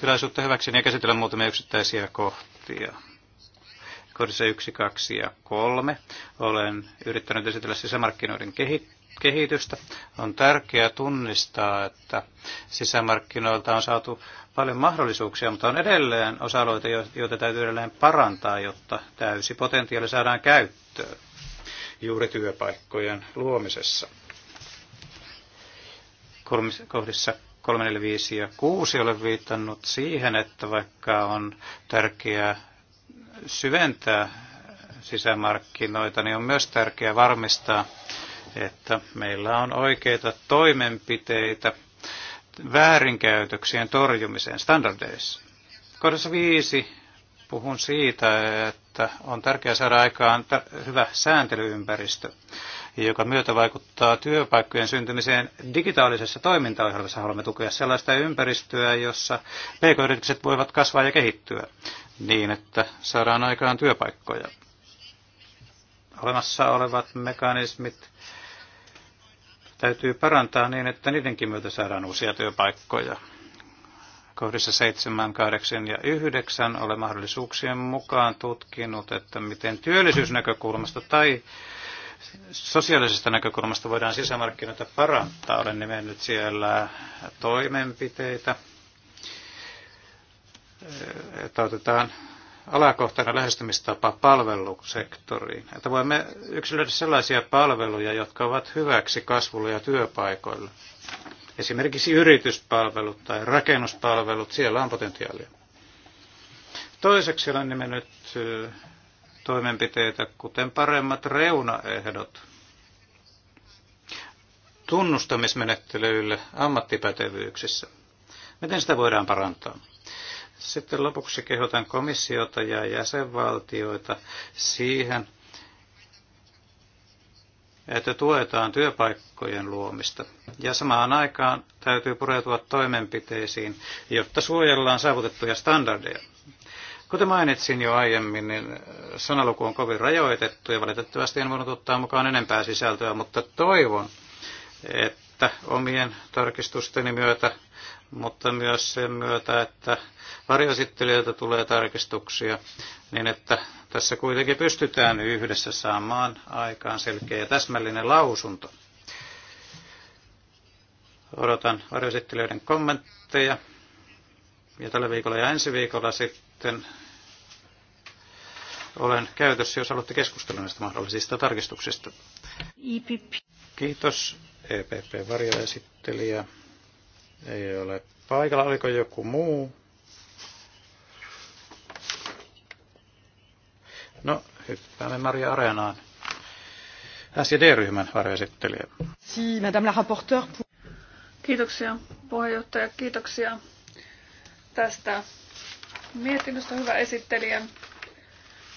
tilaisuutta hyväkseni ja käsitellä muutamia yksittäisiä kohtia. Kohdissa 1, 2 ja 3 olen yrittänyt esitellä sisämarkkinoiden kehittämistä kehitystä. On tärkeää tunnistaa, että sisämarkkinoilta on saatu paljon mahdollisuuksia, mutta on edelleen osa-alueita, joita täytyy edelleen parantaa, jotta täysi potentiaali saadaan käyttöön juuri työpaikkojen luomisessa. Kohdissa 3, 4, 5 ja 6 olen viitannut siihen, että vaikka on tärkeää syventää sisämarkkinoita, niin on myös tärkeää varmistaa, että meillä on oikeita toimenpiteitä väärinkäytöksien torjumiseen standardeissa. Kohdassa viisi puhun siitä, että on tärkeää saada aikaan hyvä sääntelyympäristö, joka myötä vaikuttaa työpaikkojen syntymiseen digitaalisessa toimintaohjelmassa. Haluamme tukea sellaista ympäristöä, jossa pk-yritykset voivat kasvaa ja kehittyä niin, että saadaan aikaan työpaikkoja. Olemassa olevat mekanismit täytyy parantaa niin, että niidenkin myötä saadaan uusia työpaikkoja. Kohdissa 7, 8 ja 9 olen mahdollisuuksien mukaan tutkinut, että miten työllisyysnäkökulmasta tai sosiaalisesta näkökulmasta voidaan sisämarkkinoita parantaa. Olen nimennyt siellä toimenpiteitä, että otetaan alakohtainen lähestymistapa palvelusektoriin. Että voimme yksilöidä sellaisia palveluja, jotka ovat hyväksi kasvulle ja työpaikoille. Esimerkiksi yrityspalvelut tai rakennuspalvelut, siellä on potentiaalia. Toiseksi olen nimennyt toimenpiteitä, kuten paremmat reunaehdot tunnustamismenettelyille ammattipätevyyksissä. Miten sitä voidaan parantaa? Sitten lopuksi kehotan komissiota ja jäsenvaltioita siihen, että tuetaan työpaikkojen luomista. Ja samaan aikaan täytyy pureutua toimenpiteisiin, jotta suojellaan saavutettuja standardeja. Kuten mainitsin jo aiemmin, niin sanaluku on kovin rajoitettu ja valitettavasti en voinut ottaa mukaan enempää sisältöä, mutta toivon, että omien tarkistusteni myötä mutta myös sen myötä, että varjoesittelijöiltä tulee tarkistuksia, niin että tässä kuitenkin pystytään yhdessä saamaan aikaan selkeä ja täsmällinen lausunto. Odotan varjoesittelijöiden kommentteja. Ja tällä viikolla ja ensi viikolla sitten olen käytössä, jos haluatte keskustella näistä mahdollisista tarkistuksista. E Kiitos EPP-varjoesittelijä. Ei ole paikalla. Oliko joku muu? No, hyppäämme Maria Areenaan. SJD-ryhmän varjoesittelijä. Si, madame la rapporteur. Kiitoksia puheenjohtaja, kiitoksia tästä mietinnöstä hyvä esittelijä.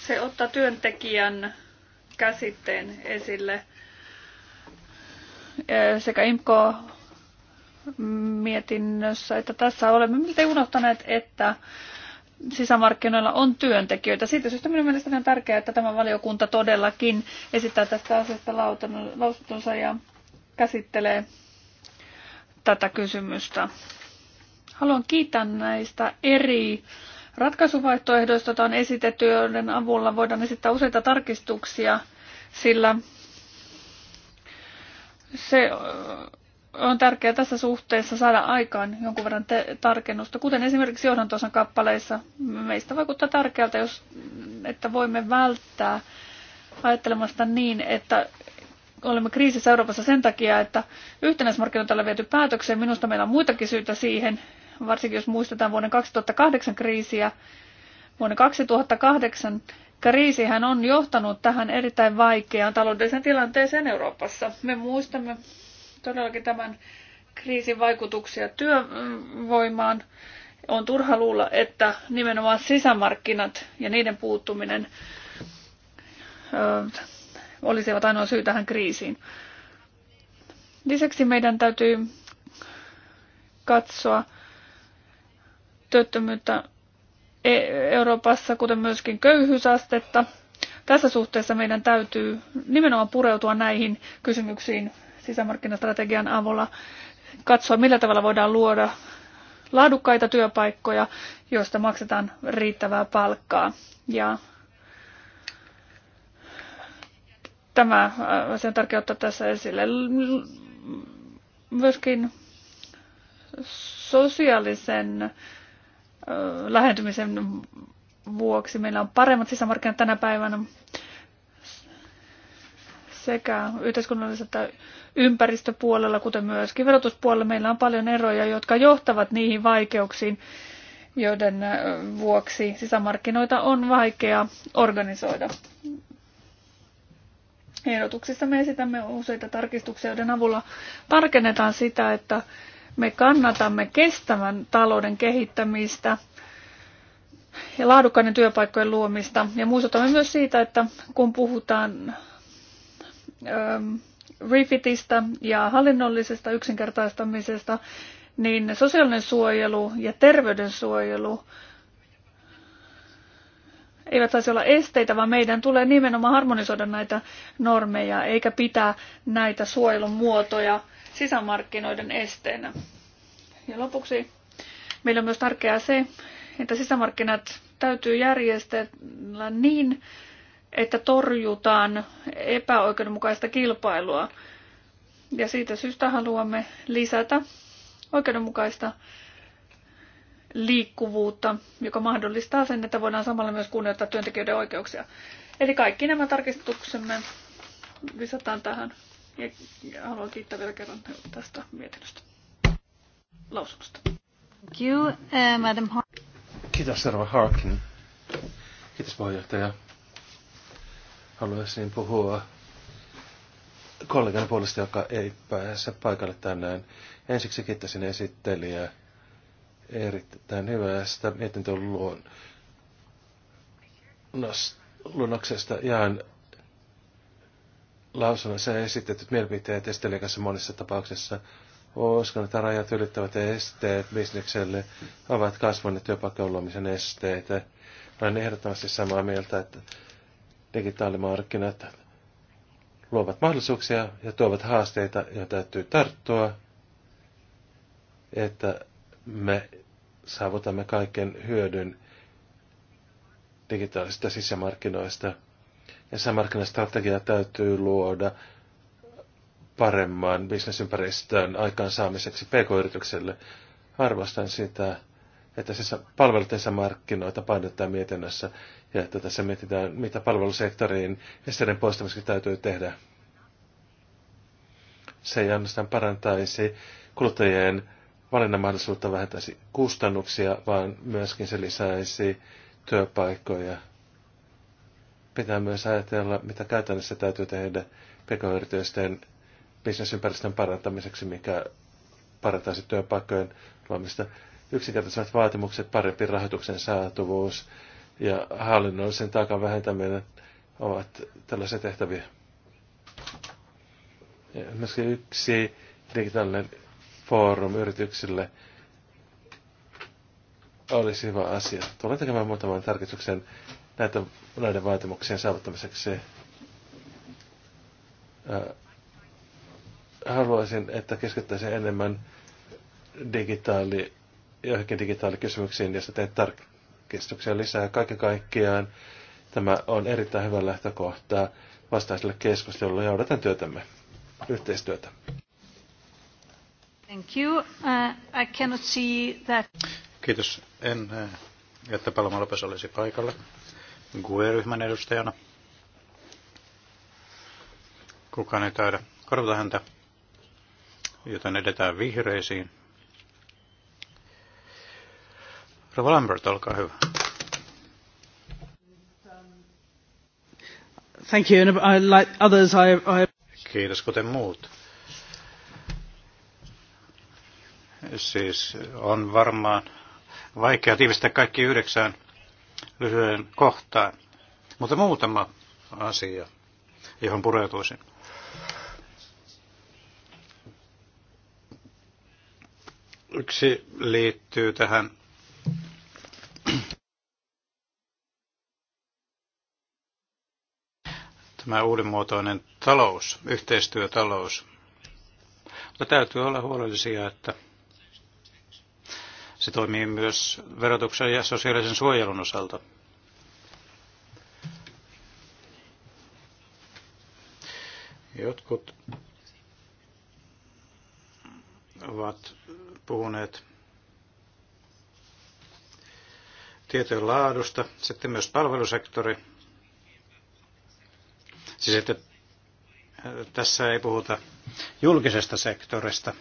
Se ottaa työntekijän käsitteen esille eh, sekä IMKO mietinnössä, että tässä olemme miltei unohtaneet, että sisämarkkinoilla on työntekijöitä. Siitä syystä minun mielestäni on tärkeää, että tämä valiokunta todellakin esittää tästä asiasta lausuntonsa ja käsittelee tätä kysymystä. Haluan kiittää näistä eri ratkaisuvaihtoehdoista, joita on esitetty, joiden avulla voidaan esittää useita tarkistuksia, sillä se on tärkeää tässä suhteessa saada aikaan jonkun verran te- tarkennusta. Kuten esimerkiksi johdantosan kappaleissa, meistä vaikuttaa tärkeältä, jos, että voimme välttää ajattelemasta niin, että olemme kriisissä Euroopassa sen takia, että yhtenäismarkkinoita on viety päätökseen. Minusta meillä on muitakin syitä siihen, varsinkin jos muistetaan vuoden 2008 kriisiä. Vuonna 2008 kriisihän on johtanut tähän erittäin vaikeaan taloudelliseen tilanteeseen Euroopassa. Me muistamme todellakin tämän kriisin vaikutuksia työvoimaan. On turha luulla, että nimenomaan sisämarkkinat ja niiden puuttuminen ö, olisivat ainoa syy tähän kriisiin. Lisäksi meidän täytyy katsoa työttömyyttä e- Euroopassa, kuten myöskin köyhyysastetta. Tässä suhteessa meidän täytyy nimenomaan pureutua näihin kysymyksiin sisämarkkinastrategian avulla katsoa, millä tavalla voidaan luoda laadukkaita työpaikkoja, joista maksetaan riittävää palkkaa. Ja tämä asia äh, on tärkeää ottaa tässä esille. Myöskin sosiaalisen äh, lähentymisen vuoksi meillä on paremmat sisämarkkinat tänä päivänä sekä yhteiskunnallisella että ympäristöpuolella, kuten myöskin verotuspuolella, meillä on paljon eroja, jotka johtavat niihin vaikeuksiin, joiden äh, vuoksi sisämarkkinoita on vaikea organisoida. Ehdotuksissa me esitämme useita tarkistuksia, joiden avulla tarkennetaan sitä, että me kannatamme kestävän talouden kehittämistä ja laadukkaiden työpaikkojen luomista. Ja muistutamme myös siitä, että kun puhutaan Ähm, refitistä ja hallinnollisesta yksinkertaistamisesta, niin sosiaalinen suojelu ja terveydensuojelu eivät saisi olla esteitä, vaan meidän tulee nimenomaan harmonisoida näitä normeja, eikä pitää näitä suojelun muotoja sisämarkkinoiden esteenä. Ja lopuksi meillä on myös tärkeää se, että sisämarkkinat täytyy järjestellä niin, että torjutaan epäoikeudenmukaista kilpailua. Ja siitä syystä haluamme lisätä oikeudenmukaista liikkuvuutta, joka mahdollistaa sen, että voidaan samalla myös kunnioittaa työntekijöiden oikeuksia. Eli kaikki nämä tarkistuksemme lisätään tähän. Ja haluan kiittää vielä kerran tästä mietinnöstä. Lausunnosta. Uh, Kiitos, Sarva Harkin. Kiitos, puheenjohtaja haluaisin puhua kollegan puolesta, joka ei pääse paikalle tänään. Ensiksi kiittäisin esittelijä erittäin hyvästä mietintön luon luonnoksesta. Jaan lausunnossa esitetyt mielipiteet esittelijän kanssa monissa tapauksissa. Uskon, että rajat ylittävät esteet bisnekselle ovat kasvaneet ja työpaikkaulomisen esteitä. Olen ehdottomasti samaa mieltä, että digitaalimarkkinat luovat mahdollisuuksia ja tuovat haasteita, joihin täytyy tarttua, että me saavutamme kaiken hyödyn digitaalisista sisämarkkinoista. Ja sisämarkkinastrategia täytyy luoda paremman bisnesympäristön aikaansaamiseksi pk-yritykselle. Arvostan sitä, että se palveluiden markkinoita painottaa mietinnössä ja että tässä mietitään, mitä palvelusektoriin esteiden poistamiseksi täytyy tehdä. Se ei ainoastaan parantaisi kuluttajien valinnanmahdollisuutta vähentäisi kustannuksia, vaan myöskin se lisäisi työpaikkoja. Pitää myös ajatella, mitä käytännössä täytyy tehdä pk-yritysten bisnesympäristön parantamiseksi, mikä parantaisi työpaikkojen luomista yksinkertaisemmat vaatimukset, parempi rahoituksen saatavuus ja hallinnollisen taakan vähentäminen ovat tällaisia tehtäviä. Ja myöskin yksi digitaalinen foorum yrityksille olisi hyvä asia. Tulen tekemään muutaman tarkistuksen näitä, näiden vaatimuksien saavuttamiseksi. Haluaisin, että keskittäisin enemmän digitaali joihinkin digitaalikysymyksiin ja sitten tarkistuksia lisää. Kaiken kaikkiaan tämä on erittäin hyvä lähtökohta vastaiselle keskustelulle ja odotan työtämme, yhteistyötä. Thank you. Uh, I cannot see that. Kiitos. En näe, uh, että Paloma Lopes olisi paikalla GUE-ryhmän edustajana. Kukaan ei taida korvata häntä, joten edetään vihreisiin. Rova Lambert, olkaa hyvä. Thank you. And I, like others, I, I... Kiitos, kuten muut. Siis on varmaan vaikea tiivistää kaikki yhdeksään lyhyen kohtaan, mutta muutama asia, johon pureutuisin. Yksi liittyy tähän Tämä uudenmuotoinen talous, yhteistyötalous. Mutta täytyy olla huolellisia, että se toimii myös verotuksen ja sosiaalisen suojelun osalta. Jotkut ovat puhuneet tietojen laadusta, sitten myös palvelusektori. Siis että äh, tässä ei puhuta julkisesta sektorista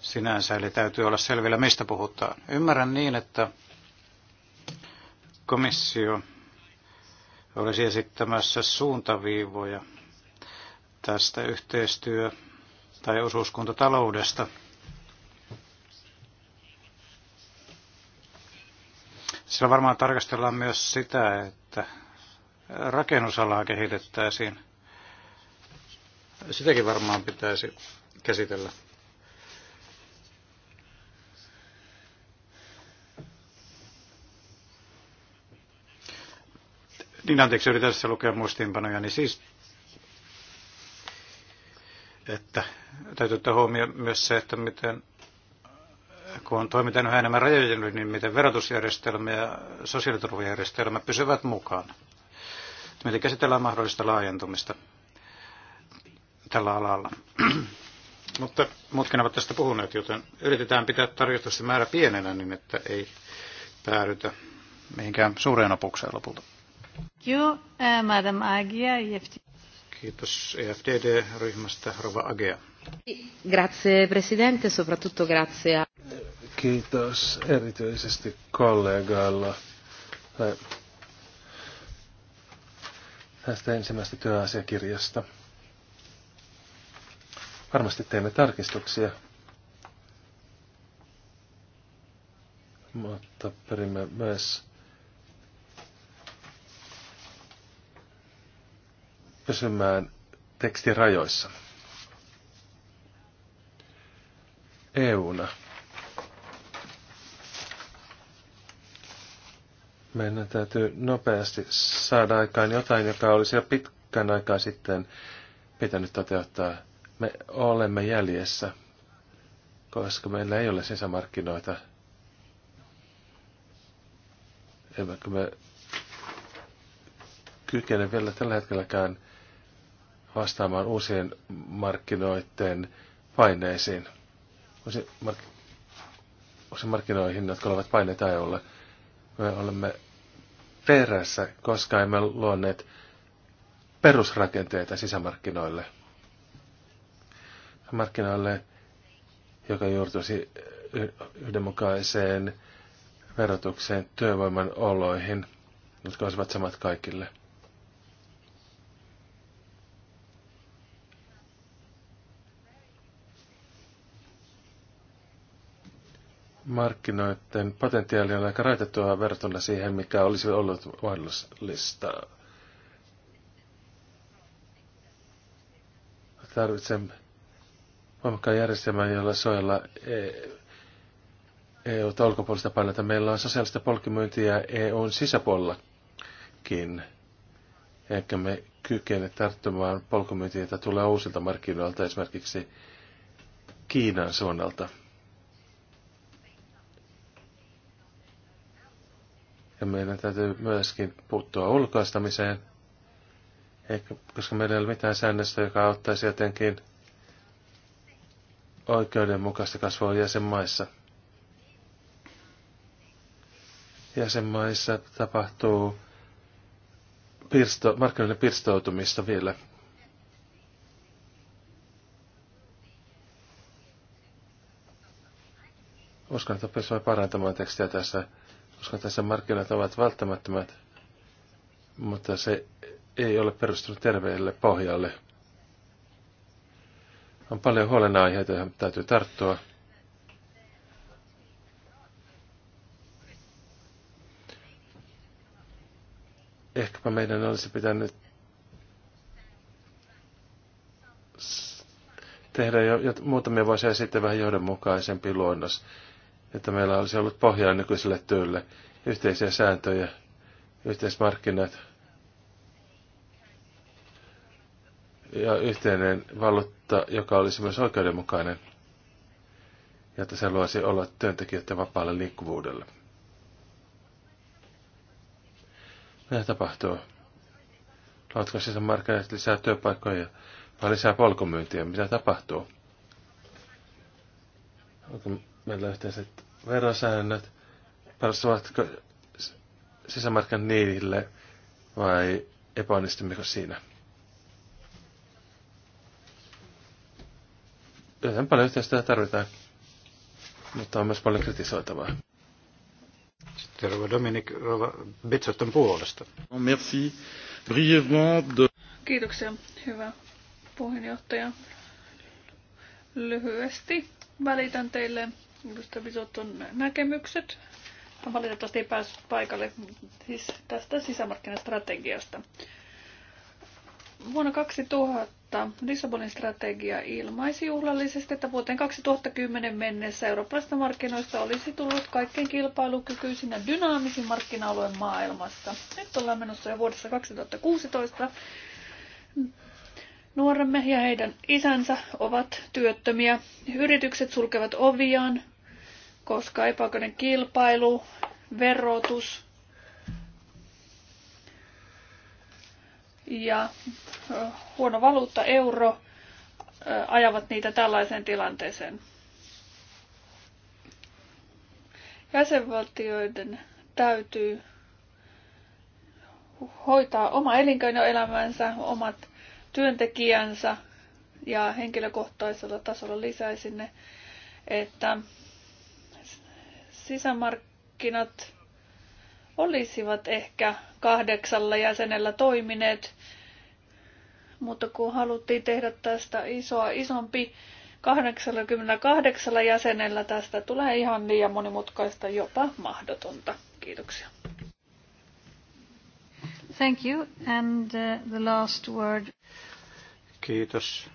sinänsä, eli täytyy olla selvillä, mistä puhutaan. Ymmärrän niin, että komissio olisi esittämässä suuntaviivoja tästä yhteistyö- tai osuuskuntataloudesta – Siellä varmaan tarkastellaan myös sitä, että rakennusalaa kehitettäisiin. Sitäkin varmaan pitäisi käsitellä. Niin anteeksi, yritän tässä lukea muistiinpanoja, niin siis, että täytyy ottaa huomioon myös se, että miten kun toimitaan yhä enemmän rajojen niin miten verotusjärjestelmä ja sosiaaliturvajärjestelmä pysyvät mukaan? Miten käsitellään mahdollista laajentumista tällä alalla. Mutta muutkin ovat tästä puhuneet, joten yritetään pitää tarjostusten määrä pienenä niin, että ei päädytä mihinkään suureen opukseen lopulta. Uh, Agia, e Kiitos EFDD-ryhmästä, Rova Agea. Grazie Presidente, soprattutto grazie. a Kiitos erityisesti kollegalla tästä ensimmäisestä työasiakirjasta. Varmasti teemme tarkistuksia, mutta perimme myös pysymään tekstirajoissa EU: EUna Meidän täytyy nopeasti saada aikaan jotain, joka olisi jo pitkän aikaa sitten pitänyt toteuttaa. Me olemme jäljessä, koska meillä ei ole sisämarkkinoita. emmekö me kykene vielä tällä hetkelläkään vastaamaan uusien markkinoiden paineisiin. Uusi mark- markkinoihin, jotka ovat paineita EUlle. Me olemme perässä, koska emme luoneet perusrakenteita sisämarkkinoille. Markkinoille, joka juurtuisi yhdenmukaiseen verotukseen työvoiman oloihin, jotka olisivat samat kaikille – markkinoiden potentiaali on aika raitettua verrattuna siihen, mikä olisi ollut mahdollista. Tarvitsemme voimakkaan järjestelmän, jolla suojella e- EU-ta ulkopuolista painetta. Meillä on sosiaalista polkimyyntiä EUn sisäpuolellakin, Ehkä me kykene tarttumaan polkumyyntiä, jota tulee uusilta markkinoilta, esimerkiksi Kiinan suunnalta. Ja meidän täytyy myöskin puuttua ulkoistamiseen, Eikä, koska meillä ei ole mitään säännöstä, joka auttaisi jotenkin oikeudenmukaista kasvua jäsenmaissa. Jäsenmaissa tapahtuu pirsto, markkinoiden pirstoutumista vielä. Uskon, että pystymme parantamaan tekstiä tässä koska tässä markkinat ovat välttämättömät, mutta se ei ole perustunut terveelle pohjalle. On paljon huolenaiheita, joihin täytyy tarttua. Ehkäpä meidän olisi pitänyt tehdä jo, jo muutamia vuosia sitten vähän johdonmukaisempi luonnos että meillä olisi ollut pohjaa nykyiselle työlle, yhteisiä sääntöjä, yhteismarkkinat ja yhteinen valuutta, joka olisi myös oikeudenmukainen, jotta se luosi olla työntekijöiden vapaalle liikkuvuudelle. Mitä tapahtuu? Luotko siis, markkinat lisää työpaikkoja vai lisää polkumyyntiä? Mitä tapahtuu? Onko meillä yhteiset verosäännöt, perustuvatko sisämarkkinat niille vai epäonnistummeko siinä? Joten paljon yhteistyötä tarvitaan, mutta on myös paljon kritisoitavaa. Terve Dominik Rova Bitsotten puolesta. No, merci. de... Kiitoksia, hyvä puheenjohtaja. Lyhyesti välitän teille visot on näkemykset. Mä valitettavasti ei päässyt paikalle siis tästä sisämarkkinastrategiasta. Vuonna 2000 Lissabonin strategia ilmaisi juhlallisesti, että vuoteen 2010 mennessä eurooppalaisista markkinoista olisi tullut kaikkein kilpailukykyisin ja dynaamisin markkina maailmassa. Nyt ollaan menossa jo vuodessa 2016. Nuoremme ja heidän isänsä ovat työttömiä. Yritykset sulkevat oviaan, koska epäoikeuden kilpailu, verotus ja huono valuutta, euro, ajavat niitä tällaiseen tilanteeseen. Jäsenvaltioiden täytyy hoitaa oma elinkeinoelämänsä, omat työntekijänsä ja henkilökohtaisella tasolla lisäisin ne, että sisämarkkinat olisivat ehkä kahdeksalla jäsenellä toimineet, mutta kun haluttiin tehdä tästä isoa, isompi 88 jäsenellä, tästä tulee ihan liian monimutkaista, jopa mahdotonta. Kiitoksia. Thank you. And uh, the last word. Kiitos.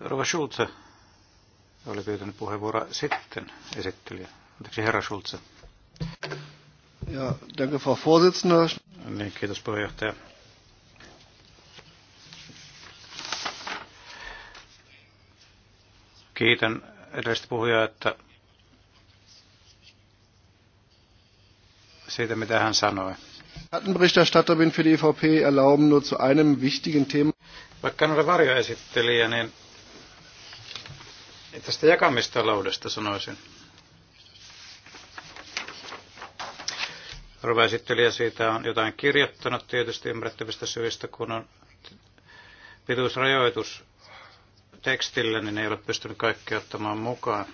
Rova Schulze, oli pyytänyt puheenvuoroa sitten esittelijä. Anteeksi, herra Schulze. Ja, danke, Frau Vorsitzende. Niin, kiitos puheenjohtaja. Kiitän edellistä puhujaa, että siitä, mitä hän sanoi. Schattenberichterstatter bin für die EVP erlauben nur zu einem wichtigen Thema. Vaikka en ole varjoesittelijä, niin Tästä jakamistaloudesta sanoisin. Arvoa esittelijä siitä on jotain kirjoittanut tietysti ymmärrettävistä syistä, kun on pituusrajoitus tekstillä, niin ei ole pystynyt kaikkea ottamaan mukaan.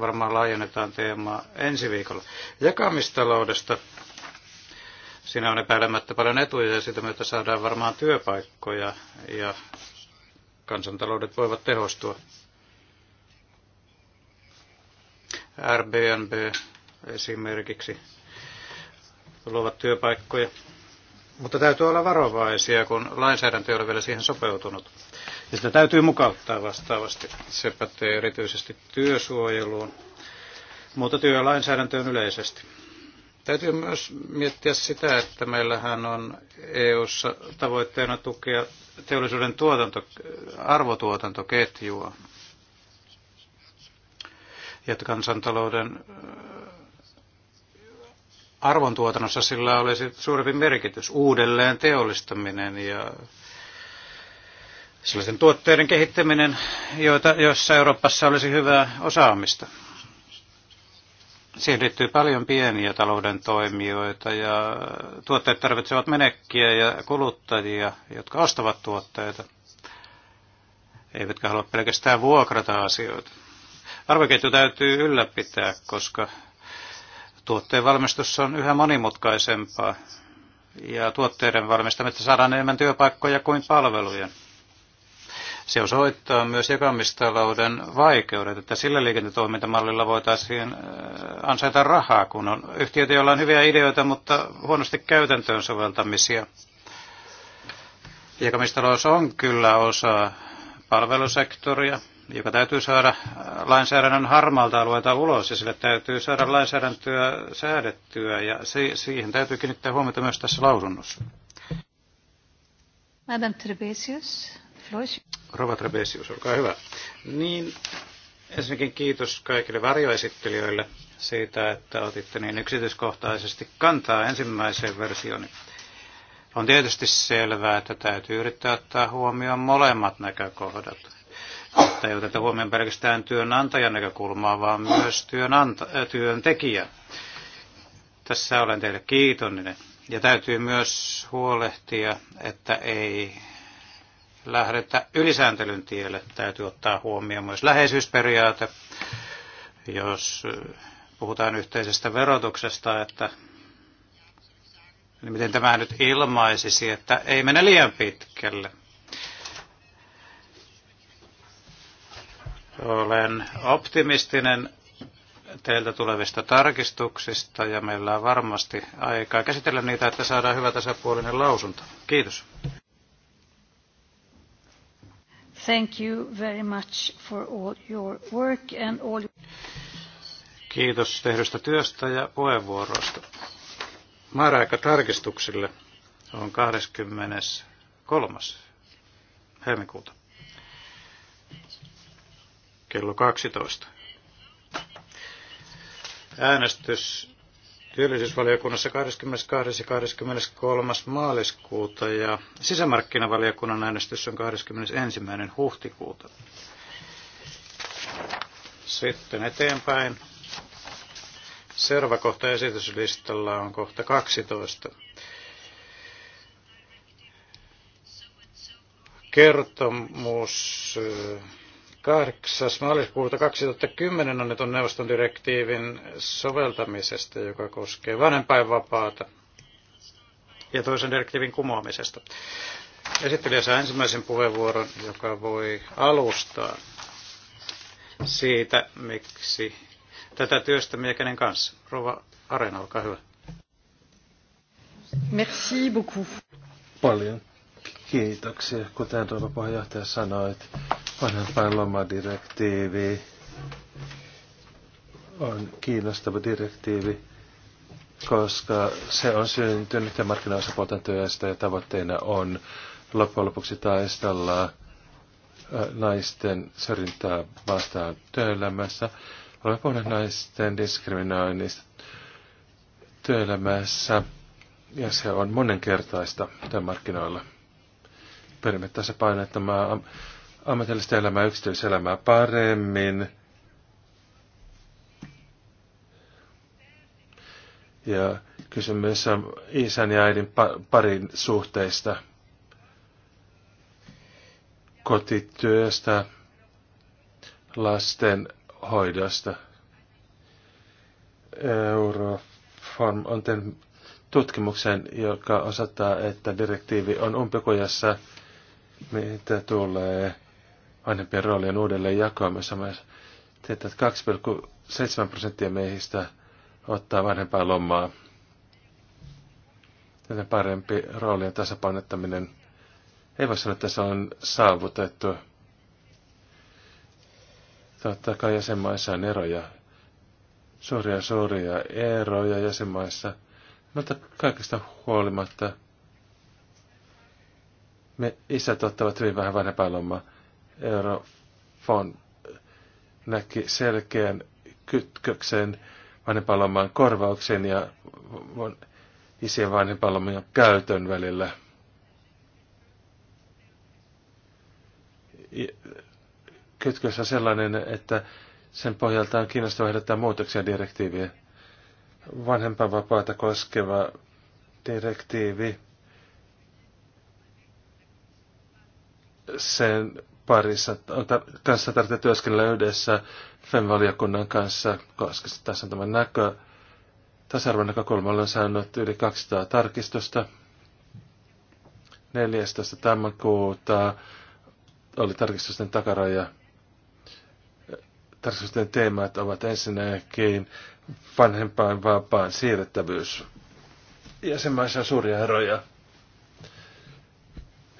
Varmaan laajennetaan teemaa ensi viikolla. Jakamistaloudesta. Siinä on epäilemättä paljon etuja ja sitä myötä saadaan varmaan työpaikkoja ja kansantaloudet voivat tehostua. Airbnb esimerkiksi luovat työpaikkoja. Mutta täytyy olla varovaisia, kun lainsäädäntö ei ole vielä siihen sopeutunut. Ja sitä täytyy mukauttaa vastaavasti. Se pätee erityisesti työsuojeluun, mutta työlainsäädäntöön yleisesti. Täytyy myös miettiä sitä, että meillähän on EU-ssa tavoitteena tukea teollisuuden tuotanto, arvotuotantoketjua, ja että kansantalouden äh, arvontuotannossa sillä olisi suurempi merkitys. Uudelleen teollistaminen ja sellaisten tuotteiden kehittäminen, joita, joissa Euroopassa olisi hyvää osaamista. Siihen liittyy paljon pieniä talouden toimijoita ja tuotteet tarvitsevat menekkiä ja kuluttajia, jotka ostavat tuotteita, eivätkä halua pelkästään vuokrata asioita. Arvoketju täytyy ylläpitää, koska tuotteen valmistus on yhä monimutkaisempaa ja tuotteiden valmistamista saadaan enemmän työpaikkoja kuin palvelujen. Se osoittaa myös jakamistalouden vaikeudet, että sillä liiketoimintamallilla voitaisiin äh, ansaita rahaa, kun on yhtiöitä, joilla on hyviä ideoita, mutta huonosti käytäntöön soveltamisia. Jakamistalous on kyllä osa palvelusektoria, joka täytyy saada lainsäädännön harmaalta alueelta ulos ja sille täytyy saada lainsäädäntöä säädettyä ja siihen täytyy kiinnittää huomiota myös tässä lausunnossa. Madame Trebesius, Rova Trebesius, olkaa hyvä. Niin, ensinnäkin kiitos kaikille varjoesittelijöille siitä, että otitte niin yksityiskohtaisesti kantaa ensimmäiseen versioon. On tietysti selvää, että täytyy yrittää ottaa huomioon molemmat näkökohdat tai ei oteta huomioon pelkästään työnantajan näkökulmaa, vaan myös työnanta- äh, Tässä olen teille kiitollinen. Ja täytyy myös huolehtia, että ei lähdetä ylisääntelyn tielle. Täytyy ottaa huomioon myös läheisyysperiaate, jos äh, puhutaan yhteisestä verotuksesta, että niin miten tämä nyt ilmaisisi, että ei mene liian pitkälle Olen optimistinen teiltä tulevista tarkistuksista ja meillä on varmasti aikaa käsitellä niitä, että saadaan hyvä tasapuolinen lausunto. Kiitos. Thank you very much for all your work and all Kiitos tehdystä työstä ja puheenvuoroista. Määräaika tarkistuksille on 23. helmikuuta kello 12. Äänestys työllisyysvaliokunnassa 22. ja 23. maaliskuuta ja sisämarkkinavaliokunnan äänestys on 21. huhtikuuta. Sitten eteenpäin. Seuraava kohta esityslistalla on kohta 12. Kertomus 8. maaliskuuta 2010 annetun neuvoston direktiivin soveltamisesta, joka koskee vanhempainvapaata ja toisen direktiivin kumoamisesta. Esittelijä saa ensimmäisen puheenvuoron, joka voi alustaa siitä, miksi tätä työstä miekenen kanssa. Rova Arena, olkaa hyvä. Merci beaucoup. Paljon kiitoksia, kuten tuolla puheenjohtaja sanoi. Että direktiivi on kiinnostava direktiivi, koska se on syntynyt ja markkinaosapuolten työstä ja tavoitteena on loppujen lopuksi taistella naisten syrjintää vastaan työelämässä. Olemme puhuneet naisten diskriminoinnista työelämässä ja se on monenkertaista työmarkkinoilla. Pyrimme tässä painettamaan ammatillista elämää, yksityiselämää paremmin. Ja kysymys on isän ja äidin parin suhteista, kotityöstä, lasten hoidosta. Euroform on tehnyt tutkimuksen, joka osoittaa, että direktiivi on umpikujassa, mitä tulee vanhempien roolien uudelleen jakoimessa. Mä että 2,7 prosenttia miehistä ottaa vanhempaa lomaa. Joten parempi roolien tasapainottaminen. Ei voi sanoa, että se on saavutettu. Totta kai jäsenmaissa on eroja. Suuria suuria eroja jäsenmaissa. Mutta kaikesta huolimatta me isät ottavat hyvin vähän lomaa von näki selkeän kytköksen vanhempalomaan korvauksen ja isien vanhempalomaan käytön välillä. Kytkös on sellainen, että sen pohjalta on kiinnostava ehdottaa muutoksia direktiiviä. Vanhempainvapaata koskeva direktiivi sen parissa kanssa tärkeää työskennellä yhdessä FEM-valiokunnan kanssa, koska tässä on tämä näkö. Tasa-arvon näkökulma on saanut yli 200 tarkistusta. 14. tammikuuta oli tarkistusten takaraja. Tarkistusten teemat ovat ensinnäkin vanhempaan vapaan siirrettävyys. Jäsenmaissa on suuria eroja,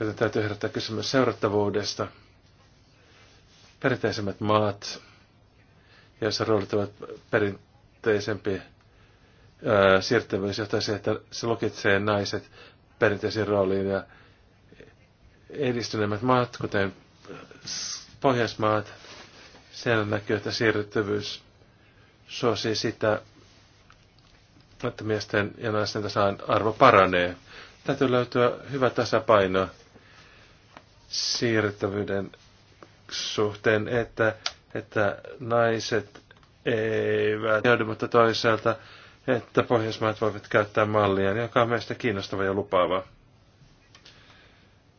joten täytyy herättää kysymys seurattavuudesta – perinteisemmät maat, joissa roolit ovat perinteisempiä, siirtävyys johtaa siihen, että se lukitsee naiset perinteisiin rooliin ja edistyneemmät maat, kuten Pohjoismaat, siellä näkyy, että siirryttävyys suosii sitä, että miesten ja naisten tasaan arvo paranee. Täytyy löytyä hyvä tasapaino siirrettävyyden suhteen, että, että naiset eivät joudu, mutta toisaalta, että Pohjoismaat voivat käyttää mallia, joka on meistä kiinnostava ja lupaava.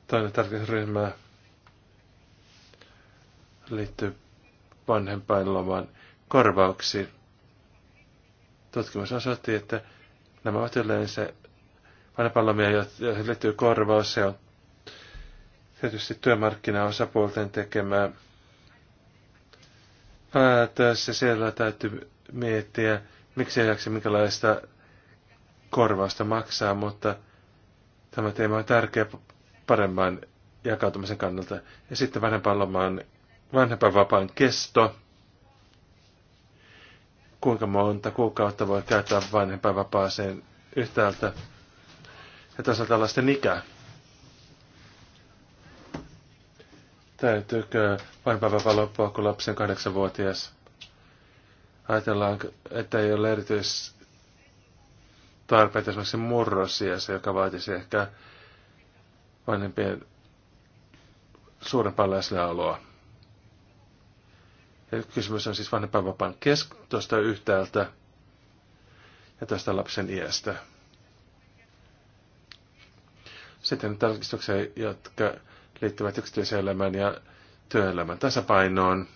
Toinen ryhmä liittyy vanhempainloman korvauksiin. Tutkimus osoitti, että nämä ovat yleensä vanhempainlomia, joihin liittyy korvaus, se on tietysti työmarkkinaosapuolten tekemä päätös ja siellä täytyy miettiä, miksi jaksa minkälaista korvausta maksaa, mutta tämä teema on tärkeä paremman jakautumisen kannalta. Ja sitten vanhempainlomaan vanhempainvapaan kesto. Kuinka monta kuukautta voi käyttää vanhempainvapaaseen yhtäältä ja toisaalta lasten ikä. Täytyykö vanhempainvapaa valoppua kun lapsi on kahdeksanvuotias? Ajatellaan, että ei ole erityis tarpeita esimerkiksi murrosiassa, joka vaatisi ehkä vanhempien suurempaa läsnäoloa. Ja kysymys on siis vanhempainvapaan kestosta yhtäältä ja tästä lapsen iästä. Sitten tarkistuksia, jotka liittyvät yksityiselämän ja työelämän tasapainoon.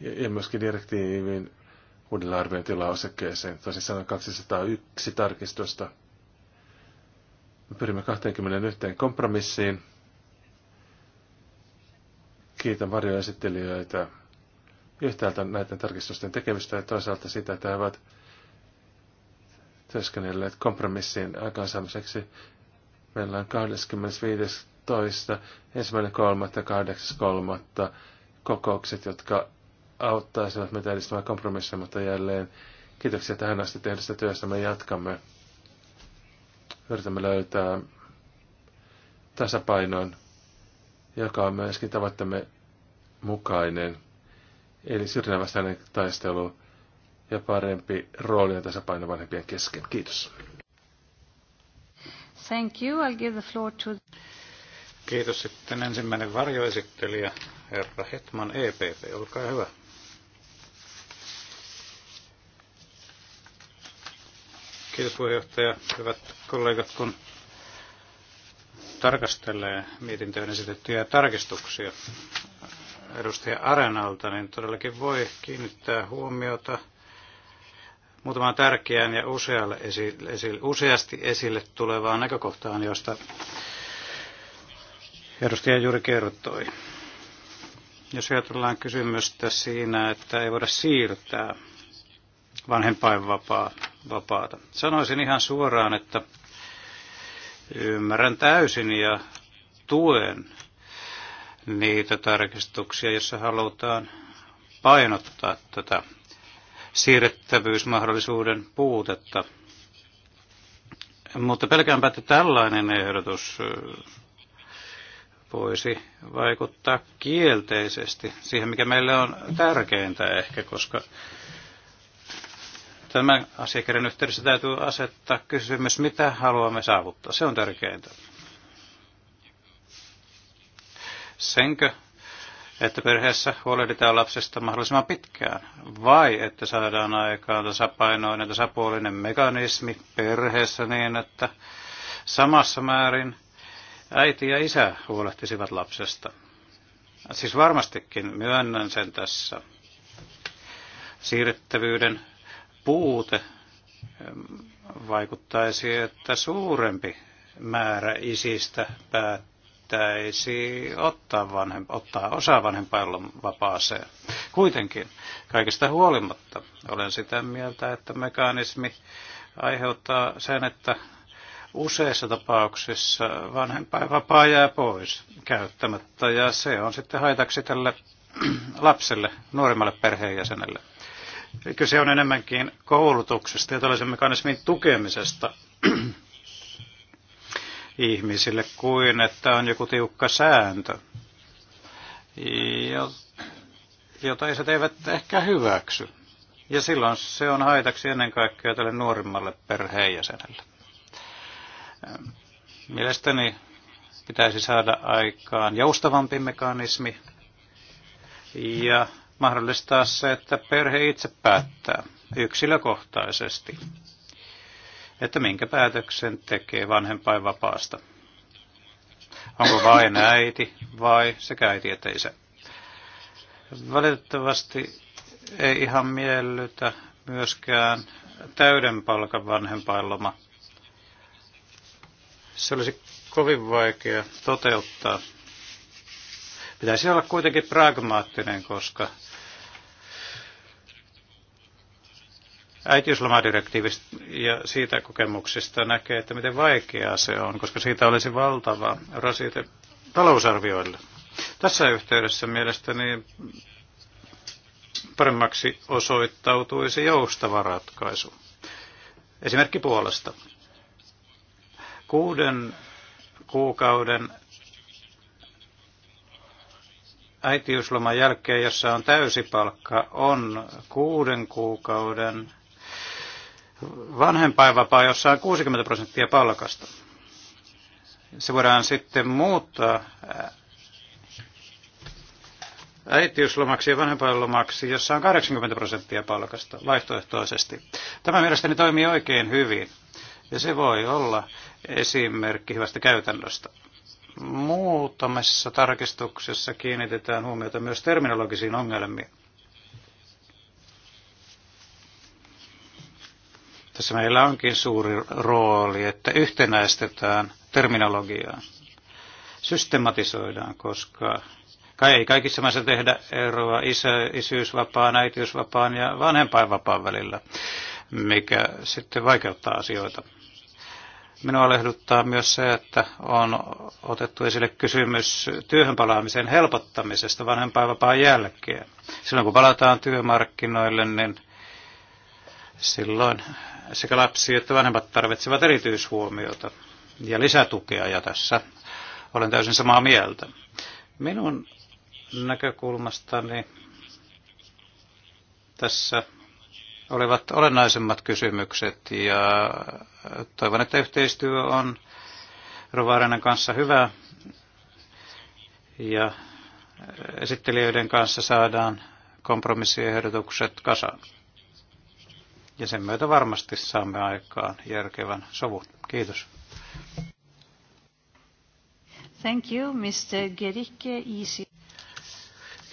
Ja myöskin direktiivin uudella arviointilausekkeeseen, tosissaan 201 tarkistusta. Me pyrimme 21 kompromissiin. Kiitän varjoesittelijöitä yhtäältä näiden tarkistusten tekemistä ja toisaalta sitä, että he ovat työskennelleet kompromissien aikaansaamiseksi. Meillä on 25.2., 1.3., 8.3. kokoukset, jotka auttaisivat meitä edistämään kompromissia, mutta jälleen kiitoksia tähän asti tehdystä työstä. Me jatkamme. Yritämme löytää tasapainon, joka on myöskin tavoittamme mukainen, eli syrjinnänvastainen taistelu ja parempi rooli ja tasapaino vanhempien kesken. Kiitos. Thank you. I'll give the floor to... Kiitos. Sitten ensimmäinen varjoesittelijä, herra Hetman EPP. Olkaa hyvä. Kiitos puheenjohtaja. Hyvät kollegat, kun tarkastelee mietintöön esitettyjä tarkistuksia edustaja Arenalta, niin todellakin voi kiinnittää huomiota – muutamaan tärkeään ja usealle esille, esille, useasti esille tulevaan näkökohtaan, josta edustaja juuri kertoi. Jos ajatellaan kysymystä siinä, että ei voida siirtää vanhempainvapaata. Sanoisin ihan suoraan, että ymmärrän täysin ja tuen niitä tarkistuksia, joissa halutaan painottaa tätä siirrettävyysmahdollisuuden puutetta. Mutta pelkäänpä, että tällainen ehdotus voisi vaikuttaa kielteisesti siihen, mikä meille on tärkeintä ehkä, koska tämän asiakirjan yhteydessä täytyy asettaa kysymys, mitä haluamme saavuttaa. Se on tärkeintä. Senkö että perheessä huolehditaan lapsesta mahdollisimman pitkään, vai että saadaan aikaan tasapainoinen, tasapuolinen mekanismi perheessä niin, että samassa määrin äiti ja isä huolehtisivat lapsesta. Siis varmastikin myönnän sen tässä. Siirrettävyyden puute vaikuttaisi, että suurempi määrä isistä päättää pitäisi ottaa, vanhem, ottaa osa vanhempailun vapaaseen. Kuitenkin kaikesta huolimatta olen sitä mieltä, että mekanismi aiheuttaa sen, että useissa tapauksissa vanhempainvapaa jää pois käyttämättä ja se on sitten haitaksi tälle lapselle, nuorimmalle perheenjäsenelle. Kyse on enemmänkin koulutuksesta ja tällaisen mekanismin tukemisesta ihmisille kuin että on joku tiukka sääntö, jota ihmiset eivät ehkä hyväksy. Ja silloin se on haitaksi ennen kaikkea tälle nuorimmalle perheenjäsenelle. Mielestäni pitäisi saada aikaan joustavampi mekanismi ja mahdollistaa se, että perhe itse päättää yksilökohtaisesti että minkä päätöksen tekee vanhempainvapaasta. Onko vain äiti vai sekä äiti että isä? Valitettavasti ei ihan miellytä myöskään täyden palkan vanhempainloma. Se olisi kovin vaikea toteuttaa. Pitäisi olla kuitenkin pragmaattinen, koska äitiyslomadirektiivistä ja siitä kokemuksista näkee, että miten vaikeaa se on, koska siitä olisi valtava rasite talousarvioille. Tässä yhteydessä mielestäni paremmaksi osoittautuisi joustava ratkaisu. Esimerkki puolesta. Kuuden kuukauden äitiysloman jälkeen, jossa on täysi palkka, on kuuden kuukauden vanhempainvapaa, jossa on 60 prosenttia palkasta. Se voidaan sitten muuttaa äitiyslomaksi ja vanhempainlomaksi, jossa on 80 prosenttia palkasta vaihtoehtoisesti. Tämä mielestäni toimii oikein hyvin ja se voi olla esimerkki hyvästä käytännöstä. Muutamassa tarkistuksessa kiinnitetään huomiota myös terminologisiin ongelmiin Tässä meillä onkin suuri rooli, että yhtenäistetään terminologiaa, systematisoidaan, koska kai ei kaikissa maissa tehdä eroa isä, isyysvapaan, äitiysvapaan ja vanhempainvapaan välillä, mikä sitten vaikeuttaa asioita. Minua lehduttaa myös se, että on otettu esille kysymys työhön palaamisen helpottamisesta vanhempainvapaan jälkeen. Silloin kun palataan työmarkkinoille, niin silloin sekä lapsi että vanhemmat tarvitsevat erityishuomiota ja lisätukea, ja tässä olen täysin samaa mieltä. Minun näkökulmastani tässä olivat olennaisemmat kysymykset ja toivon, että yhteistyö on Rovaarinen kanssa hyvä ja esittelijöiden kanssa saadaan kompromissiehdotukset kasaan. Ja sen myötä varmasti saamme aikaan järkevän sovun. Kiitos. Thank you, Mr. Gericke, easy.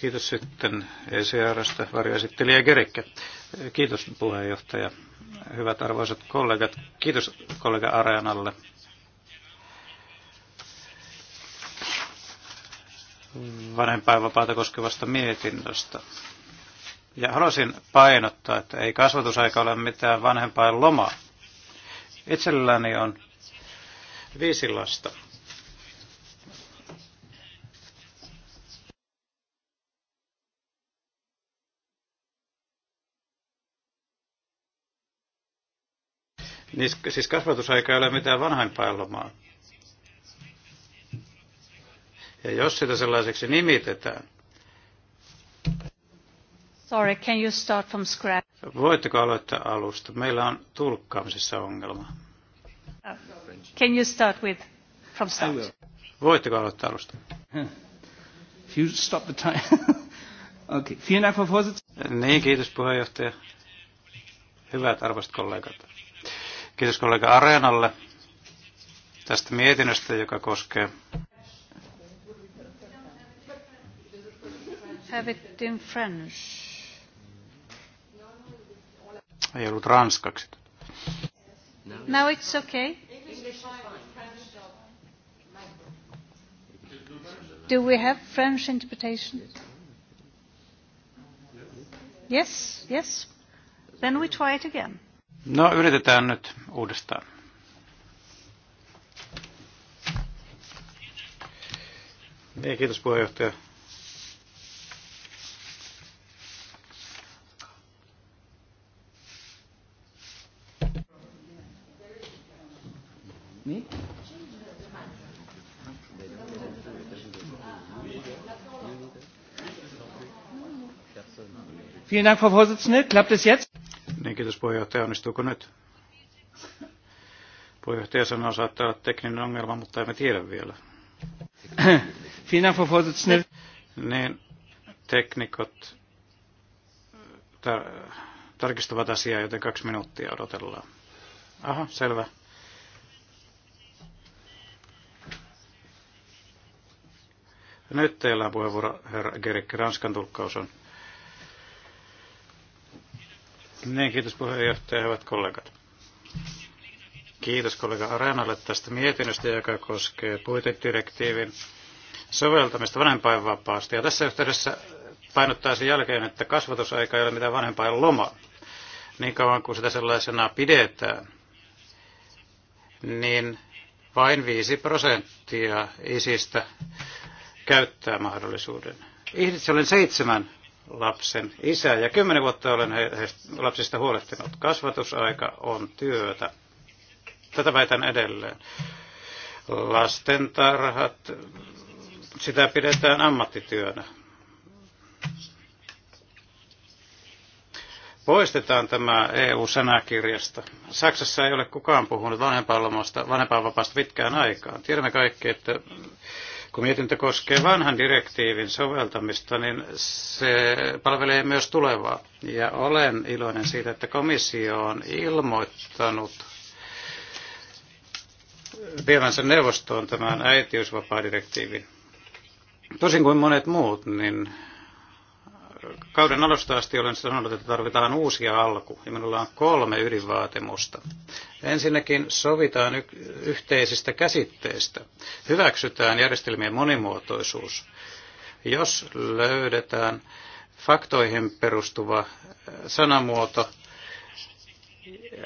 Kiitos sitten ECRstä varjoesittelijä Gerikke. Kiitos puheenjohtaja. Hyvät arvoisat kollegat, kiitos kollega Areanalle. vanhempainvapaata koskevasta mietinnöstä. Ja haluaisin painottaa, että ei kasvatusaika ole mitään vanhempain lomaa. Itselläni on viisi lasta. Niin, siis kasvatusaika ei ole mitään vanhainpäivälomaa. Ja jos sitä sellaiseksi nimitetään, Sorry, can you start from scratch? Voitteko aloittaa alusta? Meillä on tulkkaamisessa ongelma. Oh. Can you start with from start? Voitteko aloittaa alusta? If you stop the time. okay. Vielen Dank, Frau Vorsitzende. Niin, kiitos puheenjohtaja. Hyvät arvoisat kollegat. Kiitos kollega Areenalle tästä mietinnöstä, joka koskee have it in French. Ei ollut ranskaksi. Now it's okay. Do we have French interpretation? Yes, yes. Then we try it again. No, yritetään nyt uudestaan. Ei, niin, kiitos puheenjohtaja. Vielen Dank, Frau Vorsitzende. Klappt es jetzt? Niin, kiitos puheenjohtaja. Onnistuuko nyt? Puheenjohtaja sanoo, saattaa olla tekninen ongelma, mutta emme tiedä vielä. Vielen Dank, Frau Vorsitzende. Niin, teknikot tar- tarkistavat asiaa, joten kaksi minuuttia odotellaan. Aha, selvä. Nyt teillä on puheenvuoro, herra Gerik, Ranskan tulkkaus on. Niin, kiitos puheenjohtaja ja hyvät kollegat. Kiitos kollega Arenalle tästä mietinnöstä, joka koskee puitedirektiivin soveltamista vanhempainvapaasta. Ja tässä yhteydessä painottaa sen jälkeen, että kasvatusaika ei ole mitään vanhempain loma. Niin kauan kuin sitä sellaisena pidetään, niin vain 5 prosenttia isistä käyttää mahdollisuuden. Itse olen seitsemän lapsen isä ja kymmenen vuotta olen he, he, lapsista huolehtinut. Kasvatusaika on työtä. Tätä väitän edelleen. Lastentarhat, sitä pidetään ammattityönä. Poistetaan tämä EU-sanakirjasta. Saksassa ei ole kukaan puhunut vanhempainlomasta, vanhempainvapaasta pitkään aikaan. Tiedämme kaikki, että kun mietintö koskee vanhan direktiivin soveltamista, niin se palvelee myös tulevaa. Ja olen iloinen siitä, että komissio on ilmoittanut vievänsä neuvostoon tämän äitiysvapaadirektiivin. Tosin kuin monet muut, niin kauden alusta asti olen sanonut, että tarvitaan uusia alku, ja minulla on kolme ydinvaatimusta. Ensinnäkin sovitaan y- yhteisistä käsitteistä. Hyväksytään järjestelmien monimuotoisuus. Jos löydetään faktoihin perustuva sanamuoto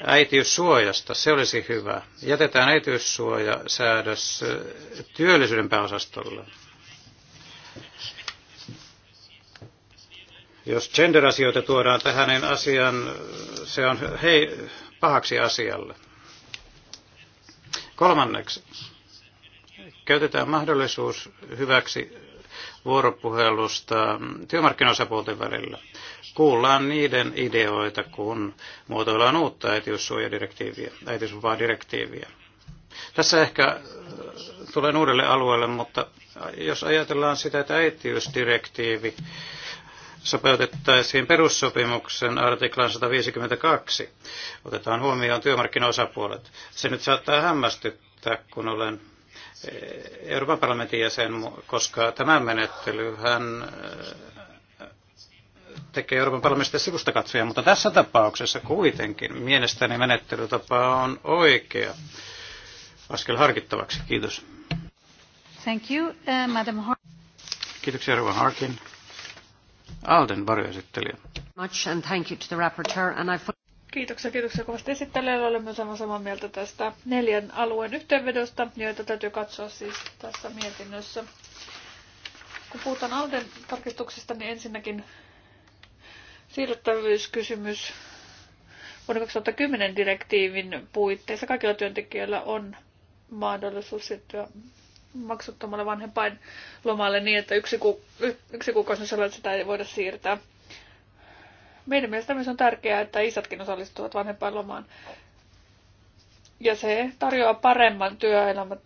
äitiyssuojasta, se olisi hyvä. Jätetään äitiyssuojasäädös työllisyyden pääosastolle. Jos gender-asioita tuodaan tähän, niin asian, se on hei, pahaksi asialle. Kolmanneksi, käytetään mahdollisuus hyväksi vuoropuhelusta työmarkkinosapuolten välillä. Kuullaan niiden ideoita, kun muotoillaan uutta äitiyssuojadirektiiviä, direktiiviä. Tässä ehkä äh, tulen uudelle alueelle, mutta jos ajatellaan sitä, että äitiysdirektiivi sopeutettaisiin perussopimuksen artiklan 152. Otetaan huomioon työmarkkinaosapuolet. Se nyt saattaa hämmästyttää, kun olen eh, Euroopan parlamentin jäsen, koska tämä menettely hän eh, tekee Euroopan parlamentista sivusta katsoja, mutta tässä tapauksessa kuitenkin mielestäni menettelytapa on oikea. Askel harkittavaksi. Kiitos. Thank you, uh, Madam Har- Kiitoksia, Rova Harkin. Alden varjoesittelijä. Much and thank you to the rapporteur and I... Kiitoksia, kiitoksia kovasti esittelijälle. Olemme samaa, samaa mieltä tästä neljän alueen yhteenvedosta, joita täytyy katsoa siis tässä mietinnössä. Kun puhutaan Alden tarkistuksista, niin ensinnäkin siirrettävyyskysymys vuoden 2010 direktiivin puitteissa kaikilla työntekijöillä on mahdollisuus siirtyä maksuttomalle vanhempain lomalle niin, että yksi, ku, yksi kuukausi sitä ei voida siirtää. Meidän mielestä myös on tärkeää, että isätkin osallistuvat lomaan. Ja se tarjoaa paremman työelämän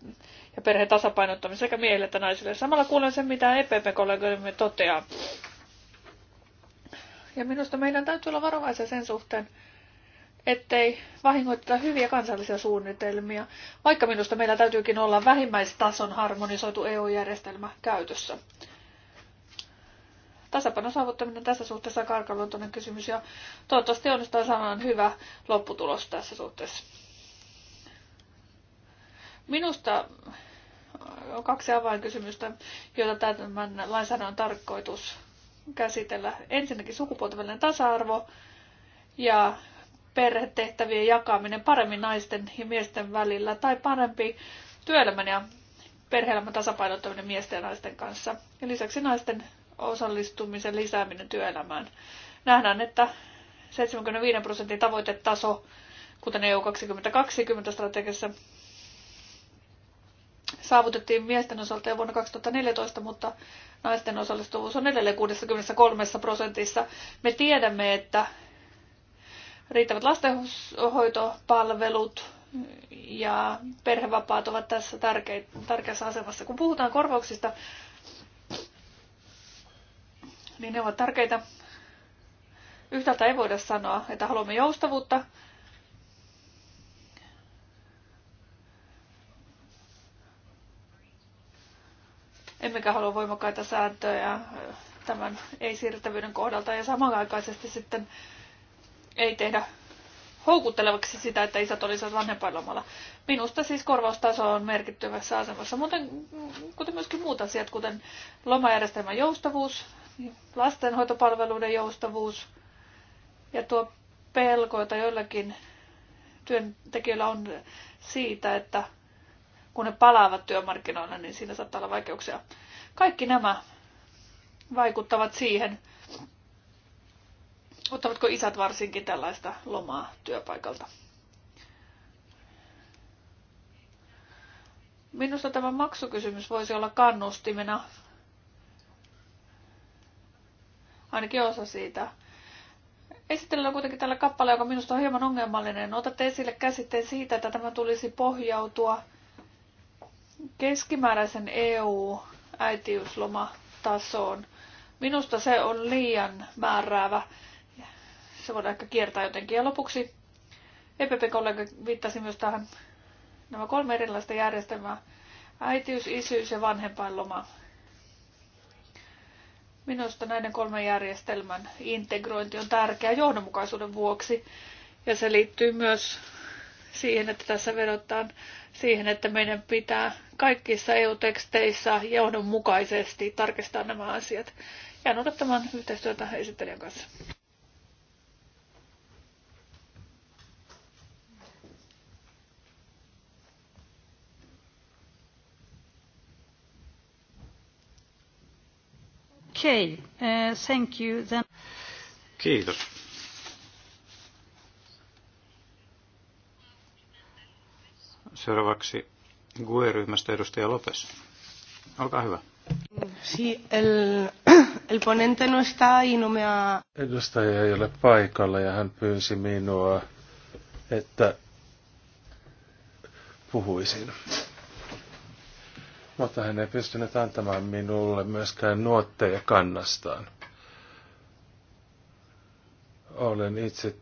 ja perheen tasapainottamisen sekä miehille että naisille. Samalla kuulen sen, mitä EPP-kollegoimme toteaa. Ja minusta meidän täytyy olla varovaisia sen suhteen, ettei vahingoiteta hyviä kansallisia suunnitelmia, vaikka minusta meillä täytyykin olla vähimmäistason harmonisoitu EU-järjestelmä käytössä. Tasapainon saavuttaminen tässä suhteessa on karkaluontoinen kysymys ja toivottavasti onnistuu saamaan hyvä lopputulos tässä suhteessa. Minusta on kaksi avainkysymystä, joita tämän lainsäädännön on tarkoitus käsitellä. Ensinnäkin sukupuolten tasa-arvo ja perhetehtävien jakaminen paremmin naisten ja miesten välillä tai parempi työelämän ja perhe-elämän tasapainottaminen miesten ja naisten kanssa. Ja lisäksi naisten osallistumisen lisääminen työelämään. Nähdään, että 75 prosentin tavoitetaso, kuten EU 2020 strategiassa, saavutettiin miesten osalta jo vuonna 2014, mutta naisten osallistuvuus on edelleen 63 prosentissa. Me tiedämme, että riittävät lastenhoitopalvelut ja perhevapaat ovat tässä tärkeässä asemassa. Kun puhutaan korvauksista, niin ne ovat tärkeitä. Yhtäältä ei voida sanoa, että haluamme joustavuutta, emmekä halua voimakkaita sääntöjä tämän ei-siirtävyyden kohdalta ja samanaikaisesti sitten ei tehdä houkuttelevaksi sitä, että isät olisivat vanhempainlomalla. Minusta siis korvaustaso on merkittävässä asemassa, muuten, kuten myöskin muut asiat, kuten lomajärjestelmän joustavuus, lastenhoitopalveluiden joustavuus ja tuo pelko, jota joillakin työntekijöillä on siitä, että kun ne palaavat työmarkkinoille, niin siinä saattaa olla vaikeuksia. Kaikki nämä vaikuttavat siihen, ottavatko isät varsinkin tällaista lomaa työpaikalta? Minusta tämä maksukysymys voisi olla kannustimena, ainakin osa siitä. Esitellään on kuitenkin tällä kappale, joka minusta on hieman ongelmallinen. Otatte esille käsitteen siitä, että tämä tulisi pohjautua keskimääräisen EU-äitiyslomatasoon. Minusta se on liian määräävä se voidaan ehkä kiertää jotenkin. Ja lopuksi EPP-kollega viittasi myös tähän nämä kolme erilaista järjestelmää. Äitiys, isyys ja vanhempainloma. Minusta näiden kolmen järjestelmän integrointi on tärkeää johdonmukaisuuden vuoksi. Ja se liittyy myös siihen, että tässä vedotaan siihen, että meidän pitää kaikissa EU-teksteissä johdonmukaisesti tarkistaa nämä asiat. Jään odottamaan yhteistyötä esittelijän kanssa. Okay, uh, thank you then. Kiitos. Seuraavaksi GUE-ryhmästä edustaja Lopes. Olkaa hyvä. Si, el, el ponente no está y no me ha... Edustaja ei ole paikalla ja hän pyysi minua, että puhuisin mutta hän ei pystynyt antamaan minulle myöskään nuotteja kannastaan. Olen itse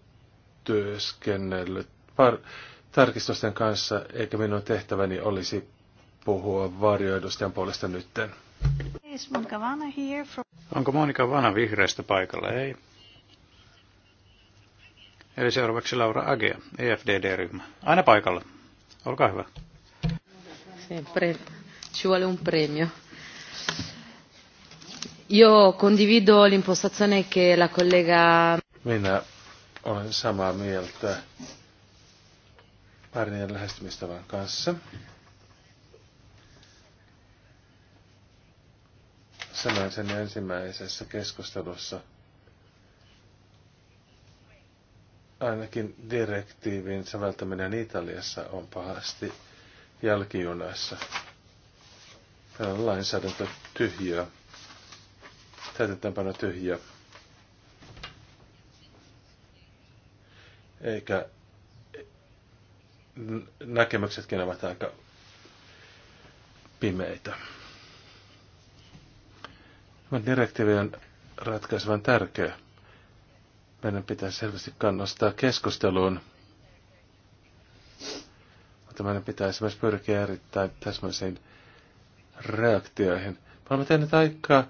työskennellyt par- tarkistusten kanssa, eikä minun tehtäväni olisi puhua varjoedustajan puolesta nytten. Onko Monika Vana vihreästä paikalla? Ei. Eli seuraavaksi Laura Age, EFDD-ryhmä. Aina paikalla. Olkaa hyvä ci vuole un premio. Io condivido l'impostazione che la collega... Minä olen samaa mieltä Marinin lähestymistavan kanssa. Sanoin sen ensimmäisessä keskustelussa. Ainakin direktiivin säveltäminen Italiassa on pahasti jälkijunassa lainsäädäntö tyhjiä, täytäntöönpano tyhjiä, eikä näkemyksetkin ovat aika pimeitä. Tämä direktiivi on ratkaisevan tärkeä. Meidän pitää selvästi kannustaa keskusteluun, mutta meidän pitää esimerkiksi pyrkiä erittäin täsmäisiin reaktioihin. mä olemme tehneet aika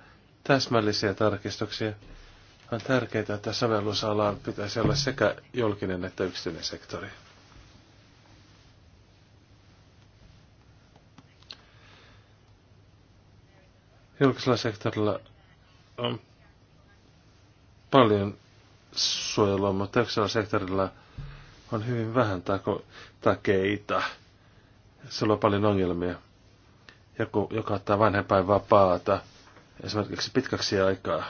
täsmällisiä tarkistuksia. On tärkeää, että sovellusalaan pitäisi olla sekä julkinen että yksityinen sektori. Julkisella sektorilla on paljon suojelua, mutta yksityisellä sektorilla on hyvin vähän takeita. Sillä on paljon ongelmia joku, joka ottaa vanhempain vapaata esimerkiksi pitkäksi aikaa.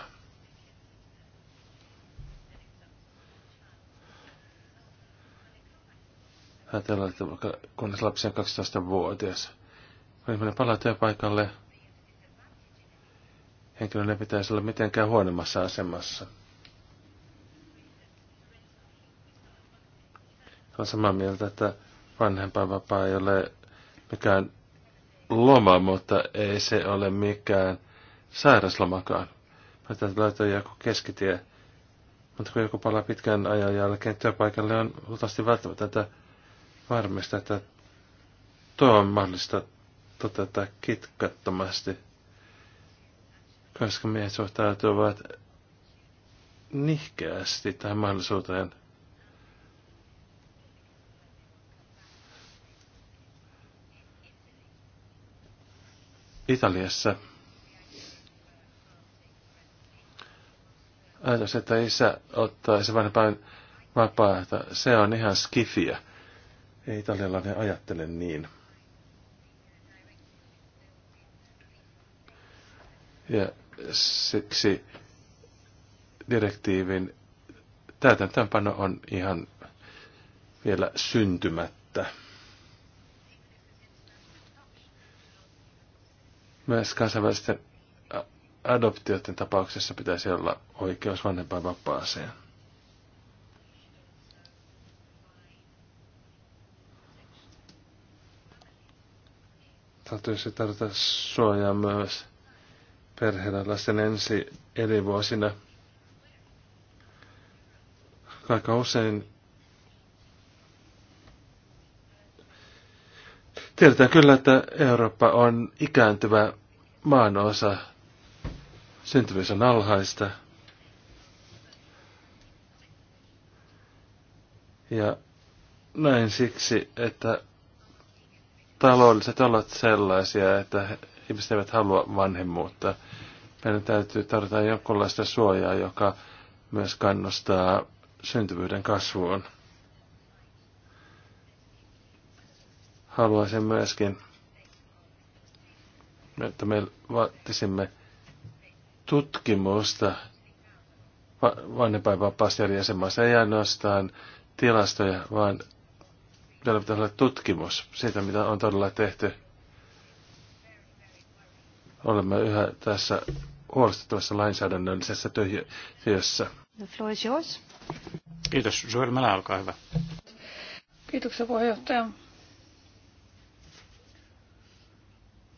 Ajatellaan, että kunnes lapsi on 12-vuotias, kun ihminen palaa työpaikalle, henkilön ei pitäisi olla mitenkään huonommassa asemassa. Olen samaa mieltä, että vanhempainvapaa ei ole mikään loma, mutta ei se ole mikään sairaslomakaan. Mä löytää joku keskitie. Mutta kun joku palaa pitkän ajan jälkeen työpaikalle, on luultavasti välttämätöntä varmistaa, että tuo on mahdollista toteuttaa kitkattomasti. Koska miehet suhtautuvat nihkeästi tähän mahdollisuuteen Italiassa ajatus, että isä ottaisi vanhempain vapaata, se on ihan skifiä. Ei italialainen ajattele niin. Ja siksi direktiivin täytäntöönpano on ihan vielä syntymättä. Myös kansainvälisten adoptioiden tapauksessa pitäisi olla oikeus vanhempaan vapaaseen. Täytyisi tarvita suojaa myös perheellä lasten ensi elinvuosina. Aika usein Tiedetään kyllä, että Eurooppa on ikääntyvä maanosa. Syntyvyys on alhaista. Ja näin siksi, että taloudelliset olot sellaisia, että ihmiset eivät halua vanhemmuutta. Meidän täytyy tarvita jonkunlaista suojaa, joka myös kannustaa syntyvyyden kasvuun. haluaisin myöskin, että me vaatisimme tutkimusta vanhempainvapaasta eri ei ainoastaan tilastoja, vaan meillä pitäisi olla tutkimus siitä, mitä on todella tehty. Olemme yhä tässä huolestuttavassa lainsäädännöllisessä työssä. The floor is yours. Kiitos. Suuri Mälä, olkaa hyvä. Kiitoksia puheenjohtaja.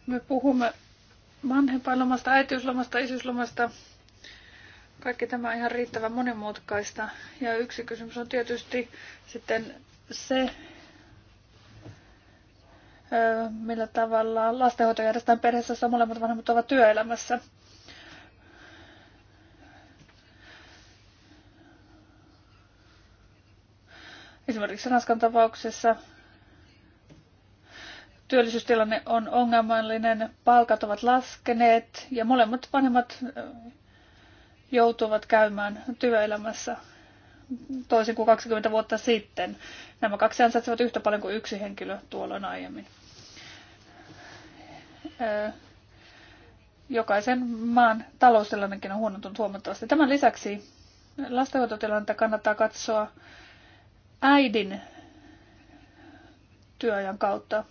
Me puhumme vanhempainlomasta, äitiyslomasta, isyyslomasta. Kaikki tämä on ihan riittävän monimutkaista. Ja yksi kysymys on tietysti sitten se, millä tavalla lastenhoito järjestetään perheessä, jossa molemmat vanhemmat ovat työelämässä. Esimerkiksi Ranskan tapauksessa työllisyystilanne on ongelmallinen, palkat ovat laskeneet ja molemmat vanhemmat joutuvat käymään työelämässä toisin kuin 20 vuotta sitten. Nämä kaksi ansaitsevat yhtä paljon kuin yksi henkilö tuolloin aiemmin. Jokaisen maan taloustilannekin on huonontunut huomattavasti. Tämän lisäksi lastenhoitotilannetta kannattaa katsoa äidin työajan kautta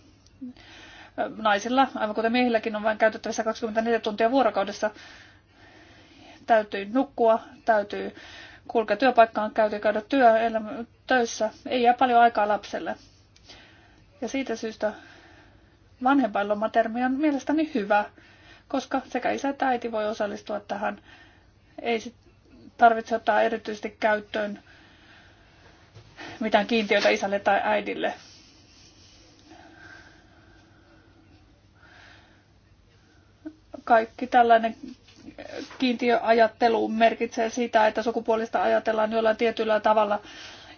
naisilla, aivan kuten miehilläkin on vain käytettävissä 24 tuntia vuorokaudessa, täytyy nukkua, täytyy kulkea työpaikkaan, täytyy käydä työ, töissä, ei jää paljon aikaa lapselle. Ja siitä syystä vanhempainlomatermi on mielestäni hyvä, koska sekä isä että äiti voi osallistua tähän. Ei sit tarvitse ottaa erityisesti käyttöön mitään kiintiötä isälle tai äidille. kaikki tällainen kiintiöajattelu merkitsee sitä, että sukupuolista ajatellaan jollain tietyllä tavalla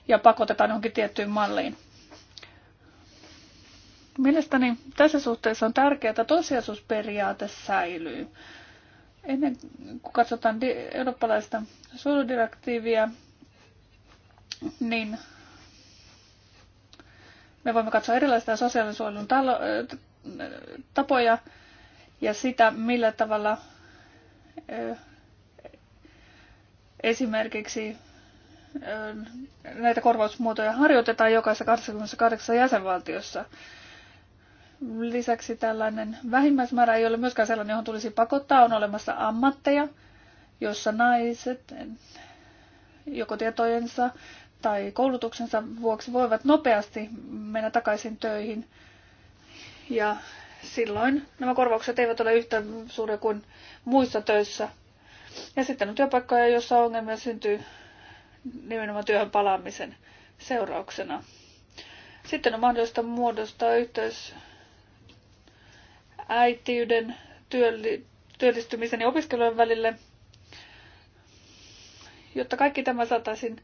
ja pakotetaan johonkin tiettyyn malliin. Mielestäni tässä suhteessa on tärkeää, että tosiasuusperiaate säilyy. Ennen kuin katsotaan eurooppalaista suojeludirektiiviä, niin me voimme katsoa erilaisia sosiaalisuojelun äh, tapoja, ja sitä, millä tavalla esimerkiksi näitä korvausmuotoja harjoitetaan jokaisessa 28 jäsenvaltiossa. Lisäksi tällainen vähimmäismäärä ei ole myöskään sellainen, johon tulisi pakottaa. On olemassa ammatteja, jossa naiset joko tietojensa tai koulutuksensa vuoksi voivat nopeasti mennä takaisin töihin. Ja silloin nämä korvaukset eivät ole yhtä suuria kuin muissa töissä. Ja sitten on työpaikkoja, joissa ongelmia syntyy nimenomaan työhön palaamisen seurauksena. Sitten on mahdollista muodostaa yhteys äitiyden, työllistymisen ja opiskelujen välille. Jotta kaikki tämä saataisiin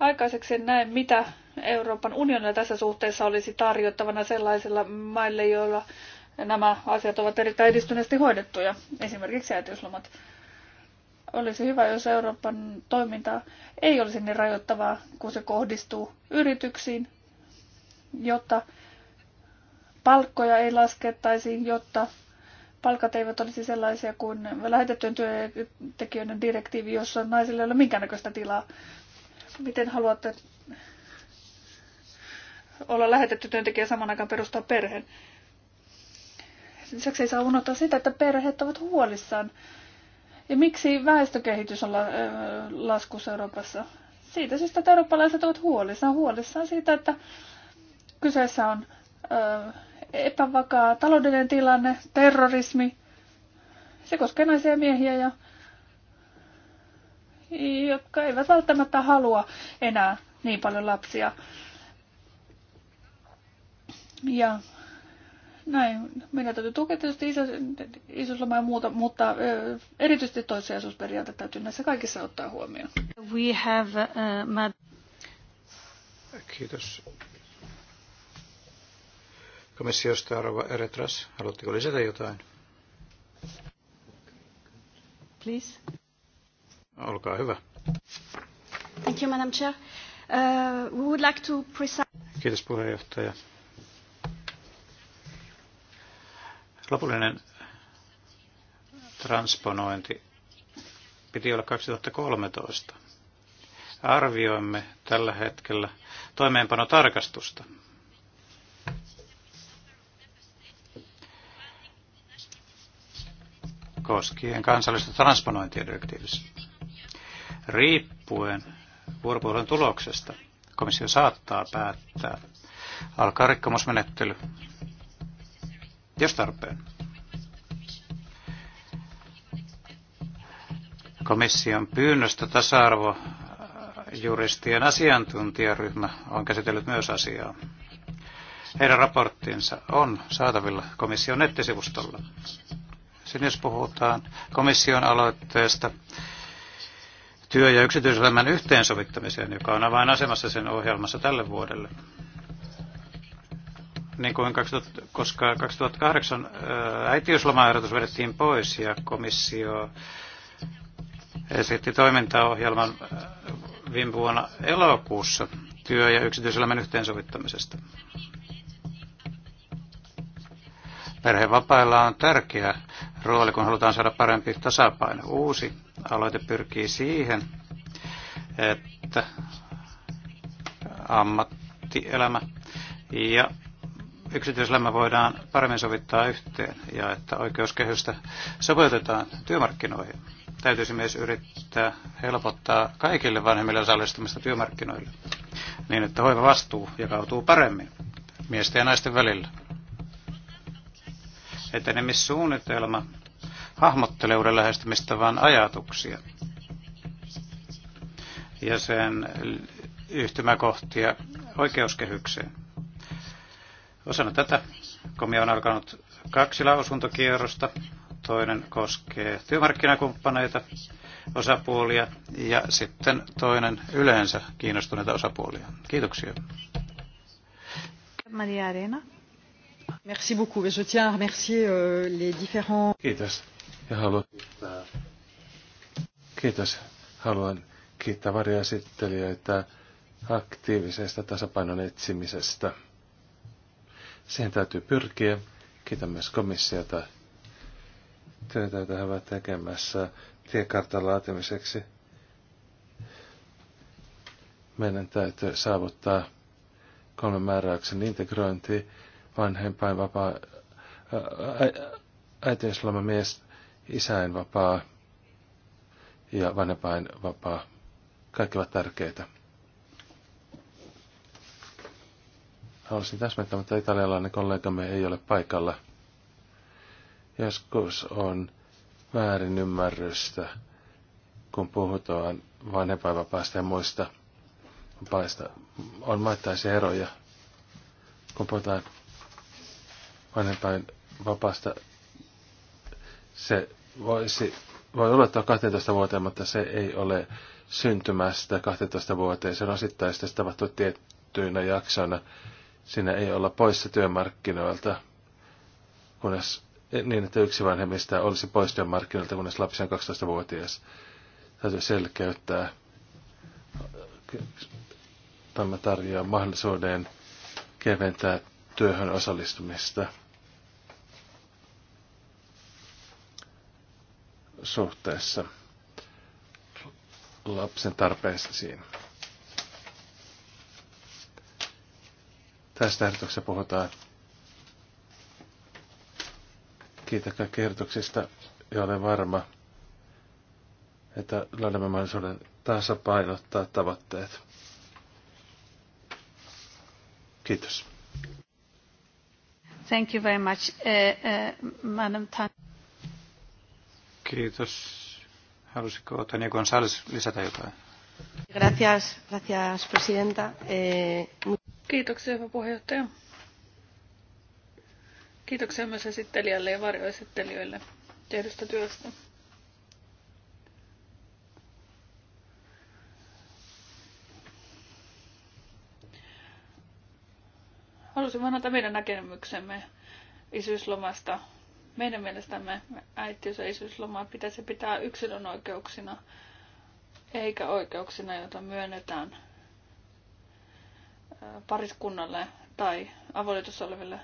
aikaiseksi, en näe, mitä Euroopan unionilla tässä suhteessa olisi tarjottavana sellaisilla maille, joilla nämä asiat ovat erittäin edistyneesti hoidettuja, esimerkiksi äitiyslomat. Olisi hyvä, jos Euroopan toiminta ei olisi niin rajoittavaa, kun se kohdistuu yrityksiin, jotta palkkoja ei laskettaisi, jotta palkat eivät olisi sellaisia kuin lähetettyjen työntekijöiden direktiivi, jossa naisille ei ole minkäännäköistä tilaa. Miten haluatte olla lähetetty työntekijä saman aikaan perustaa perheen? Lisäksi ei saa unohtaa sitä, että perheet ovat huolissaan. Ja miksi väestökehitys on laskussa Euroopassa? Siitä syystä, että eurooppalaiset ovat huolissaan. Huolissaan siitä, että kyseessä on epävakaa taloudellinen tilanne, terrorismi. Se koskee naisia ja miehiä, ja, jotka eivät välttämättä halua enää niin paljon lapsia. Ja näin. Meidän täytyy tukea tietysti isosloma ja muuta, mutta ö, erityisesti toissijaisuusperiaate täytyy näissä kaikissa ottaa huomioon. We have, uh, mad- Kiitos. Komissiosta Arva Eretras, haluatteko lisätä jotain? Please. Olkaa hyvä. Thank you, Madam Chair. Uh, we would like to precise... Kiitos puheenjohtaja. Lopullinen transponointi piti olla 2013. Arvioimme tällä hetkellä toimeenpanotarkastusta. koskien kansallista transponointia direktiivissä. Riippuen vuoropuolen tuloksesta komissio saattaa päättää alkaa rikkomusmenettely jos tarpeen. Komission pyynnöstä tasa-arvo juristien asiantuntijaryhmä on käsitellyt myös asiaa. Heidän raporttinsa on saatavilla komission nettisivustolla. Sen jos puhutaan komission aloitteesta työ- ja yksityiselämän yhteensovittamiseen, joka on avainasemassa sen ohjelmassa tälle vuodelle niin kuin 2000, koska 2008 äitiyslomaehdotus vedettiin pois ja komissio esitti toimintaohjelman viime vuonna elokuussa työ- ja yksityiselämän yhteensovittamisesta. Perhevapailla on tärkeä rooli, kun halutaan saada parempi tasapaino. Uusi aloite pyrkii siihen, että ammattielämä ja yksityiselämä voidaan paremmin sovittaa yhteen ja että oikeuskehystä sopeutetaan työmarkkinoihin. Täytyisi myös yrittää helpottaa kaikille vanhemmille osallistumista työmarkkinoille niin, että vastuu jakautuu paremmin miesten ja naisten välillä. Etenemissuunnitelma hahmottelee uuden lähestymistavan ajatuksia ja sen yhtymäkohtia oikeuskehykseen Osana tätä komia on alkanut kaksi lausuntokierrosta. Toinen koskee työmarkkinakumppaneita, osapuolia ja sitten toinen yleensä kiinnostuneita osapuolia. Kiitoksia. Maria Arena. Merci beaucoup. Je tiens à remercier euh, les différents... Kiitos. Ja haluan kiittää. Kiitos. Haluan kiittää varjoesittelijöitä aktiivisesta tasapainon etsimisestä. Siihen täytyy pyrkiä. Kiitän myös komissiota töitä, joita he ovat tekemässä tiekartan laatimiseksi. Meidän täytyy saavuttaa kolmen määräyksen integrointi, vanhempain vapaa, äitiysloma mies, isäin vapaa ja vanhempain vapaa. Kaikki ovat tärkeitä. Haluaisin täsmättää, mutta italialainen kollegamme ei ole paikalla. Joskus on väärin ymmärrystä, kun puhutaan vanhempainvapaasta ja muista vapaista. On maittaisia eroja, kun puhutaan vanhempainvapaasta. Se voisi, voi ulottua 12 vuoteen, mutta se ei ole syntymästä 12 vuoteen. Se on osittain sitä tapahtunut tiettyinä jaksoina. Siinä ei olla poissa työmarkkinoilta, kunnes, eh, niin että yksi vanhemmista olisi pois työmarkkinoilta, kunnes lapsi on 12-vuotias. Täytyy selkeyttää. Tämä tarjoaa mahdollisuuden keventää työhön osallistumista. suhteessa lapsen tarpeisiin. Tästä ehdotuksesta puhutaan. Kiitäkää kertoksista ja olen varma, että löydämme mahdollisuuden tasapainottaa tavoitteet. Kiitos. Thank you very much, uh, uh, Madam Tan. Kiitos. Halusiko Tania González lisätä jotain? Gracias, gracias, presidenta. Eh, Kiitoksia, hyvä puheenjohtaja. Kiitoksia myös esittelijälle ja varjoesittelijöille tehdystä työstä. Halusin vanhata meidän näkemyksemme isyyslomasta. Meidän mielestämme äitiys- ja isyyslomaa pitäisi pitää yksilön oikeuksina, eikä oikeuksina, joita myönnetään pariskunnalle tai avoliitossa oleville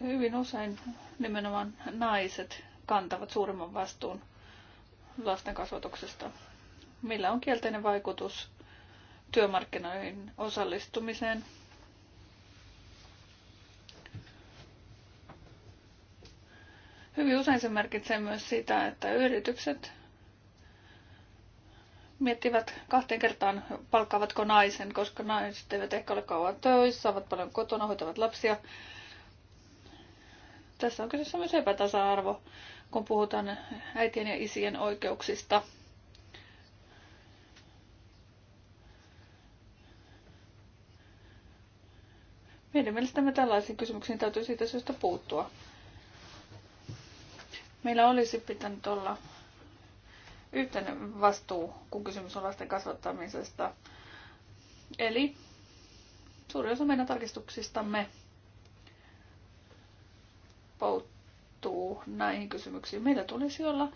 hyvin usein nimenomaan naiset kantavat suurimman vastuun lasten kasvatuksesta, millä on kielteinen vaikutus työmarkkinoihin osallistumiseen – Hyvin usein se merkitsee myös sitä, että yritykset miettivät kahteen kertaan, palkkaavatko naisen, koska naiset eivät ehkä ole kauan töissä, ovat paljon kotona, hoitavat lapsia. Tässä on kyseessä myös epätasa-arvo, kun puhutaan äitien ja isien oikeuksista. Meidän mielestämme tällaisiin kysymyksiin täytyy siitä syystä puuttua. Meillä olisi pitänyt olla yhteinen vastuu, kun kysymys on lasten kasvattamisesta. Eli suurin osa meidän tarkistuksistamme pouttuu näihin kysymyksiin. Meillä tulisi olla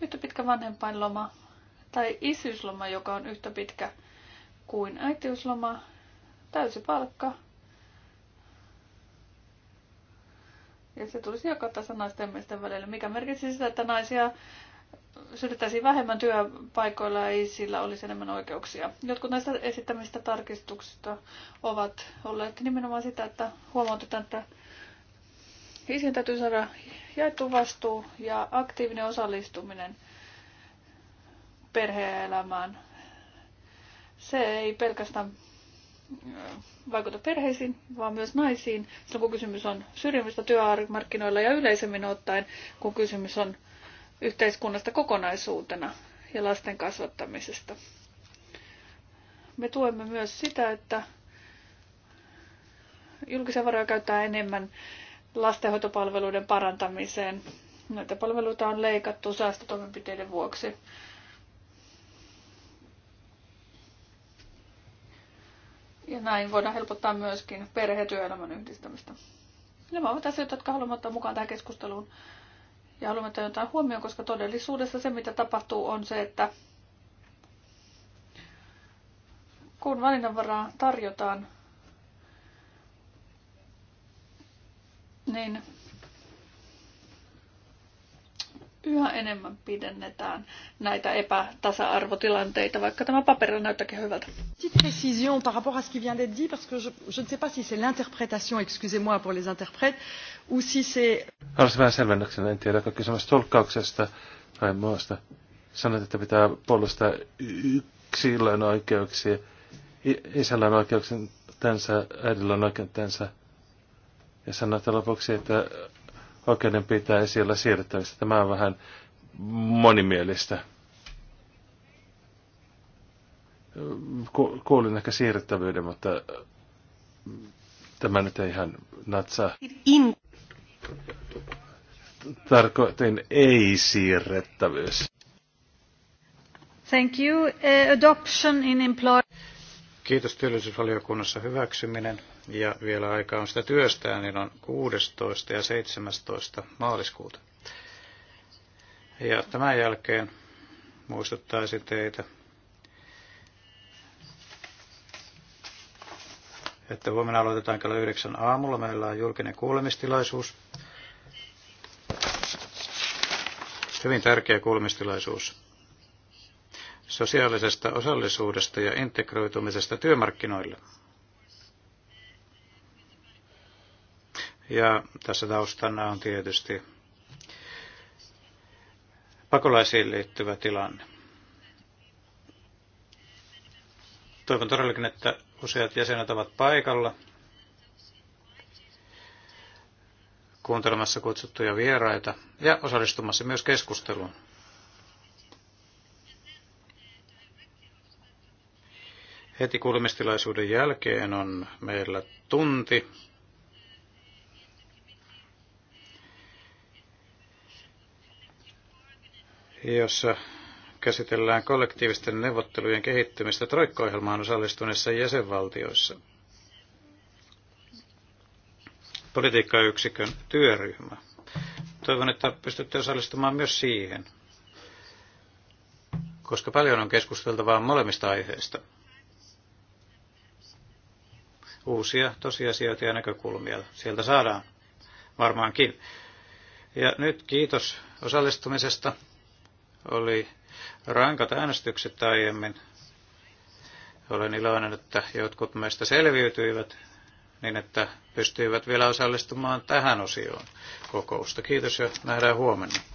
yhtä pitkä vanhempainloma tai isyysloma, joka on yhtä pitkä kuin äitiysloma, täysi palkka Ja se tulisi jakaa tässä naisten ja miesten välillä, mikä merkitsi sitä, että naisia syrjittäisiin vähemmän työpaikoilla ja ei sillä olisi enemmän oikeuksia. Jotkut näistä esittämistä tarkistuksista ovat olleet nimenomaan sitä, että huomautetaan, että isien täytyy saada jaettu vastuu ja aktiivinen osallistuminen perheelämään. Se ei pelkästään vaikuta perheisiin, vaan myös naisiin, silloin kun kysymys on syrjimistä työmarkkinoilla ja yleisemmin ottaen, kun kysymys on yhteiskunnasta kokonaisuutena ja lasten kasvattamisesta. Me tuemme myös sitä, että julkisia varoja käyttää enemmän lastenhoitopalveluiden parantamiseen. Näitä palveluita on leikattu säästötoimenpiteiden vuoksi. Ja näin voidaan helpottaa myöskin työelämän yhdistämistä. Nämä ovat asioita, jotka haluamme ottaa mukaan tähän keskusteluun ja haluamme ottaa jotain huomioon, koska todellisuudessa se, mitä tapahtuu, on se, että kun valinnanvaraa tarjotaan, niin yhä enemmän pidennetään näitä epätasa-arvotilanteita, vaikka tämä paperilla näyttääkin hyvältä. Petite précision par rapport à ce qui vient d'être dit, parce que je, je ne sais pas si c'est l'interprétation, excusez-moi pour les interprètes, ou si c'est... Haluaisin vähän selvennäksenä, en tiedä, onko kysymys tolkkauksesta tai muusta. Sanoit, että pitää puolustaa yksilön oikeuksia, isällä on oikeuksentänsä, äidillä on oikeutensa. Ja sanoit lopuksi, että oikeuden pitää esillä siirrettävissä. Tämä on vähän monimielistä. Kuulin ehkä siirrettävyyden, mutta tämä nyt ei ihan natsaa. In. Tarkoitin ei-siirrettävyys. Thank you. Uh, adoption in employ- Kiitos työllisyysvaliokunnassa hyväksyminen ja vielä aikaa on sitä työstää, niin on 16. ja 17. maaliskuuta. Ja tämän jälkeen muistuttaisin teitä, että huomenna aloitetaan kello 9 aamulla. Meillä on julkinen kuulemistilaisuus. Hyvin tärkeä kuulemistilaisuus sosiaalisesta osallisuudesta ja integroitumisesta työmarkkinoille. Ja tässä taustana on tietysti pakolaisiin liittyvä tilanne. Toivon todellakin, että useat jäsenet ovat paikalla kuuntelemassa kutsuttuja vieraita ja osallistumassa myös keskusteluun. Heti kuulemistilaisuuden jälkeen on meillä tunti jossa käsitellään kollektiivisten neuvottelujen kehittymistä troikkoohjelmaan osallistuneissa jäsenvaltioissa. Politiikkayksikön työryhmä. Toivon, että pystytte osallistumaan myös siihen, koska paljon on keskusteltavaa molemmista aiheista. Uusia tosiasioita ja näkökulmia sieltä saadaan varmaankin. Ja nyt kiitos osallistumisesta oli rankat äänestykset aiemmin. Olen iloinen, että jotkut meistä selviytyivät niin, että pystyivät vielä osallistumaan tähän osioon kokousta. Kiitos ja nähdään huomenna.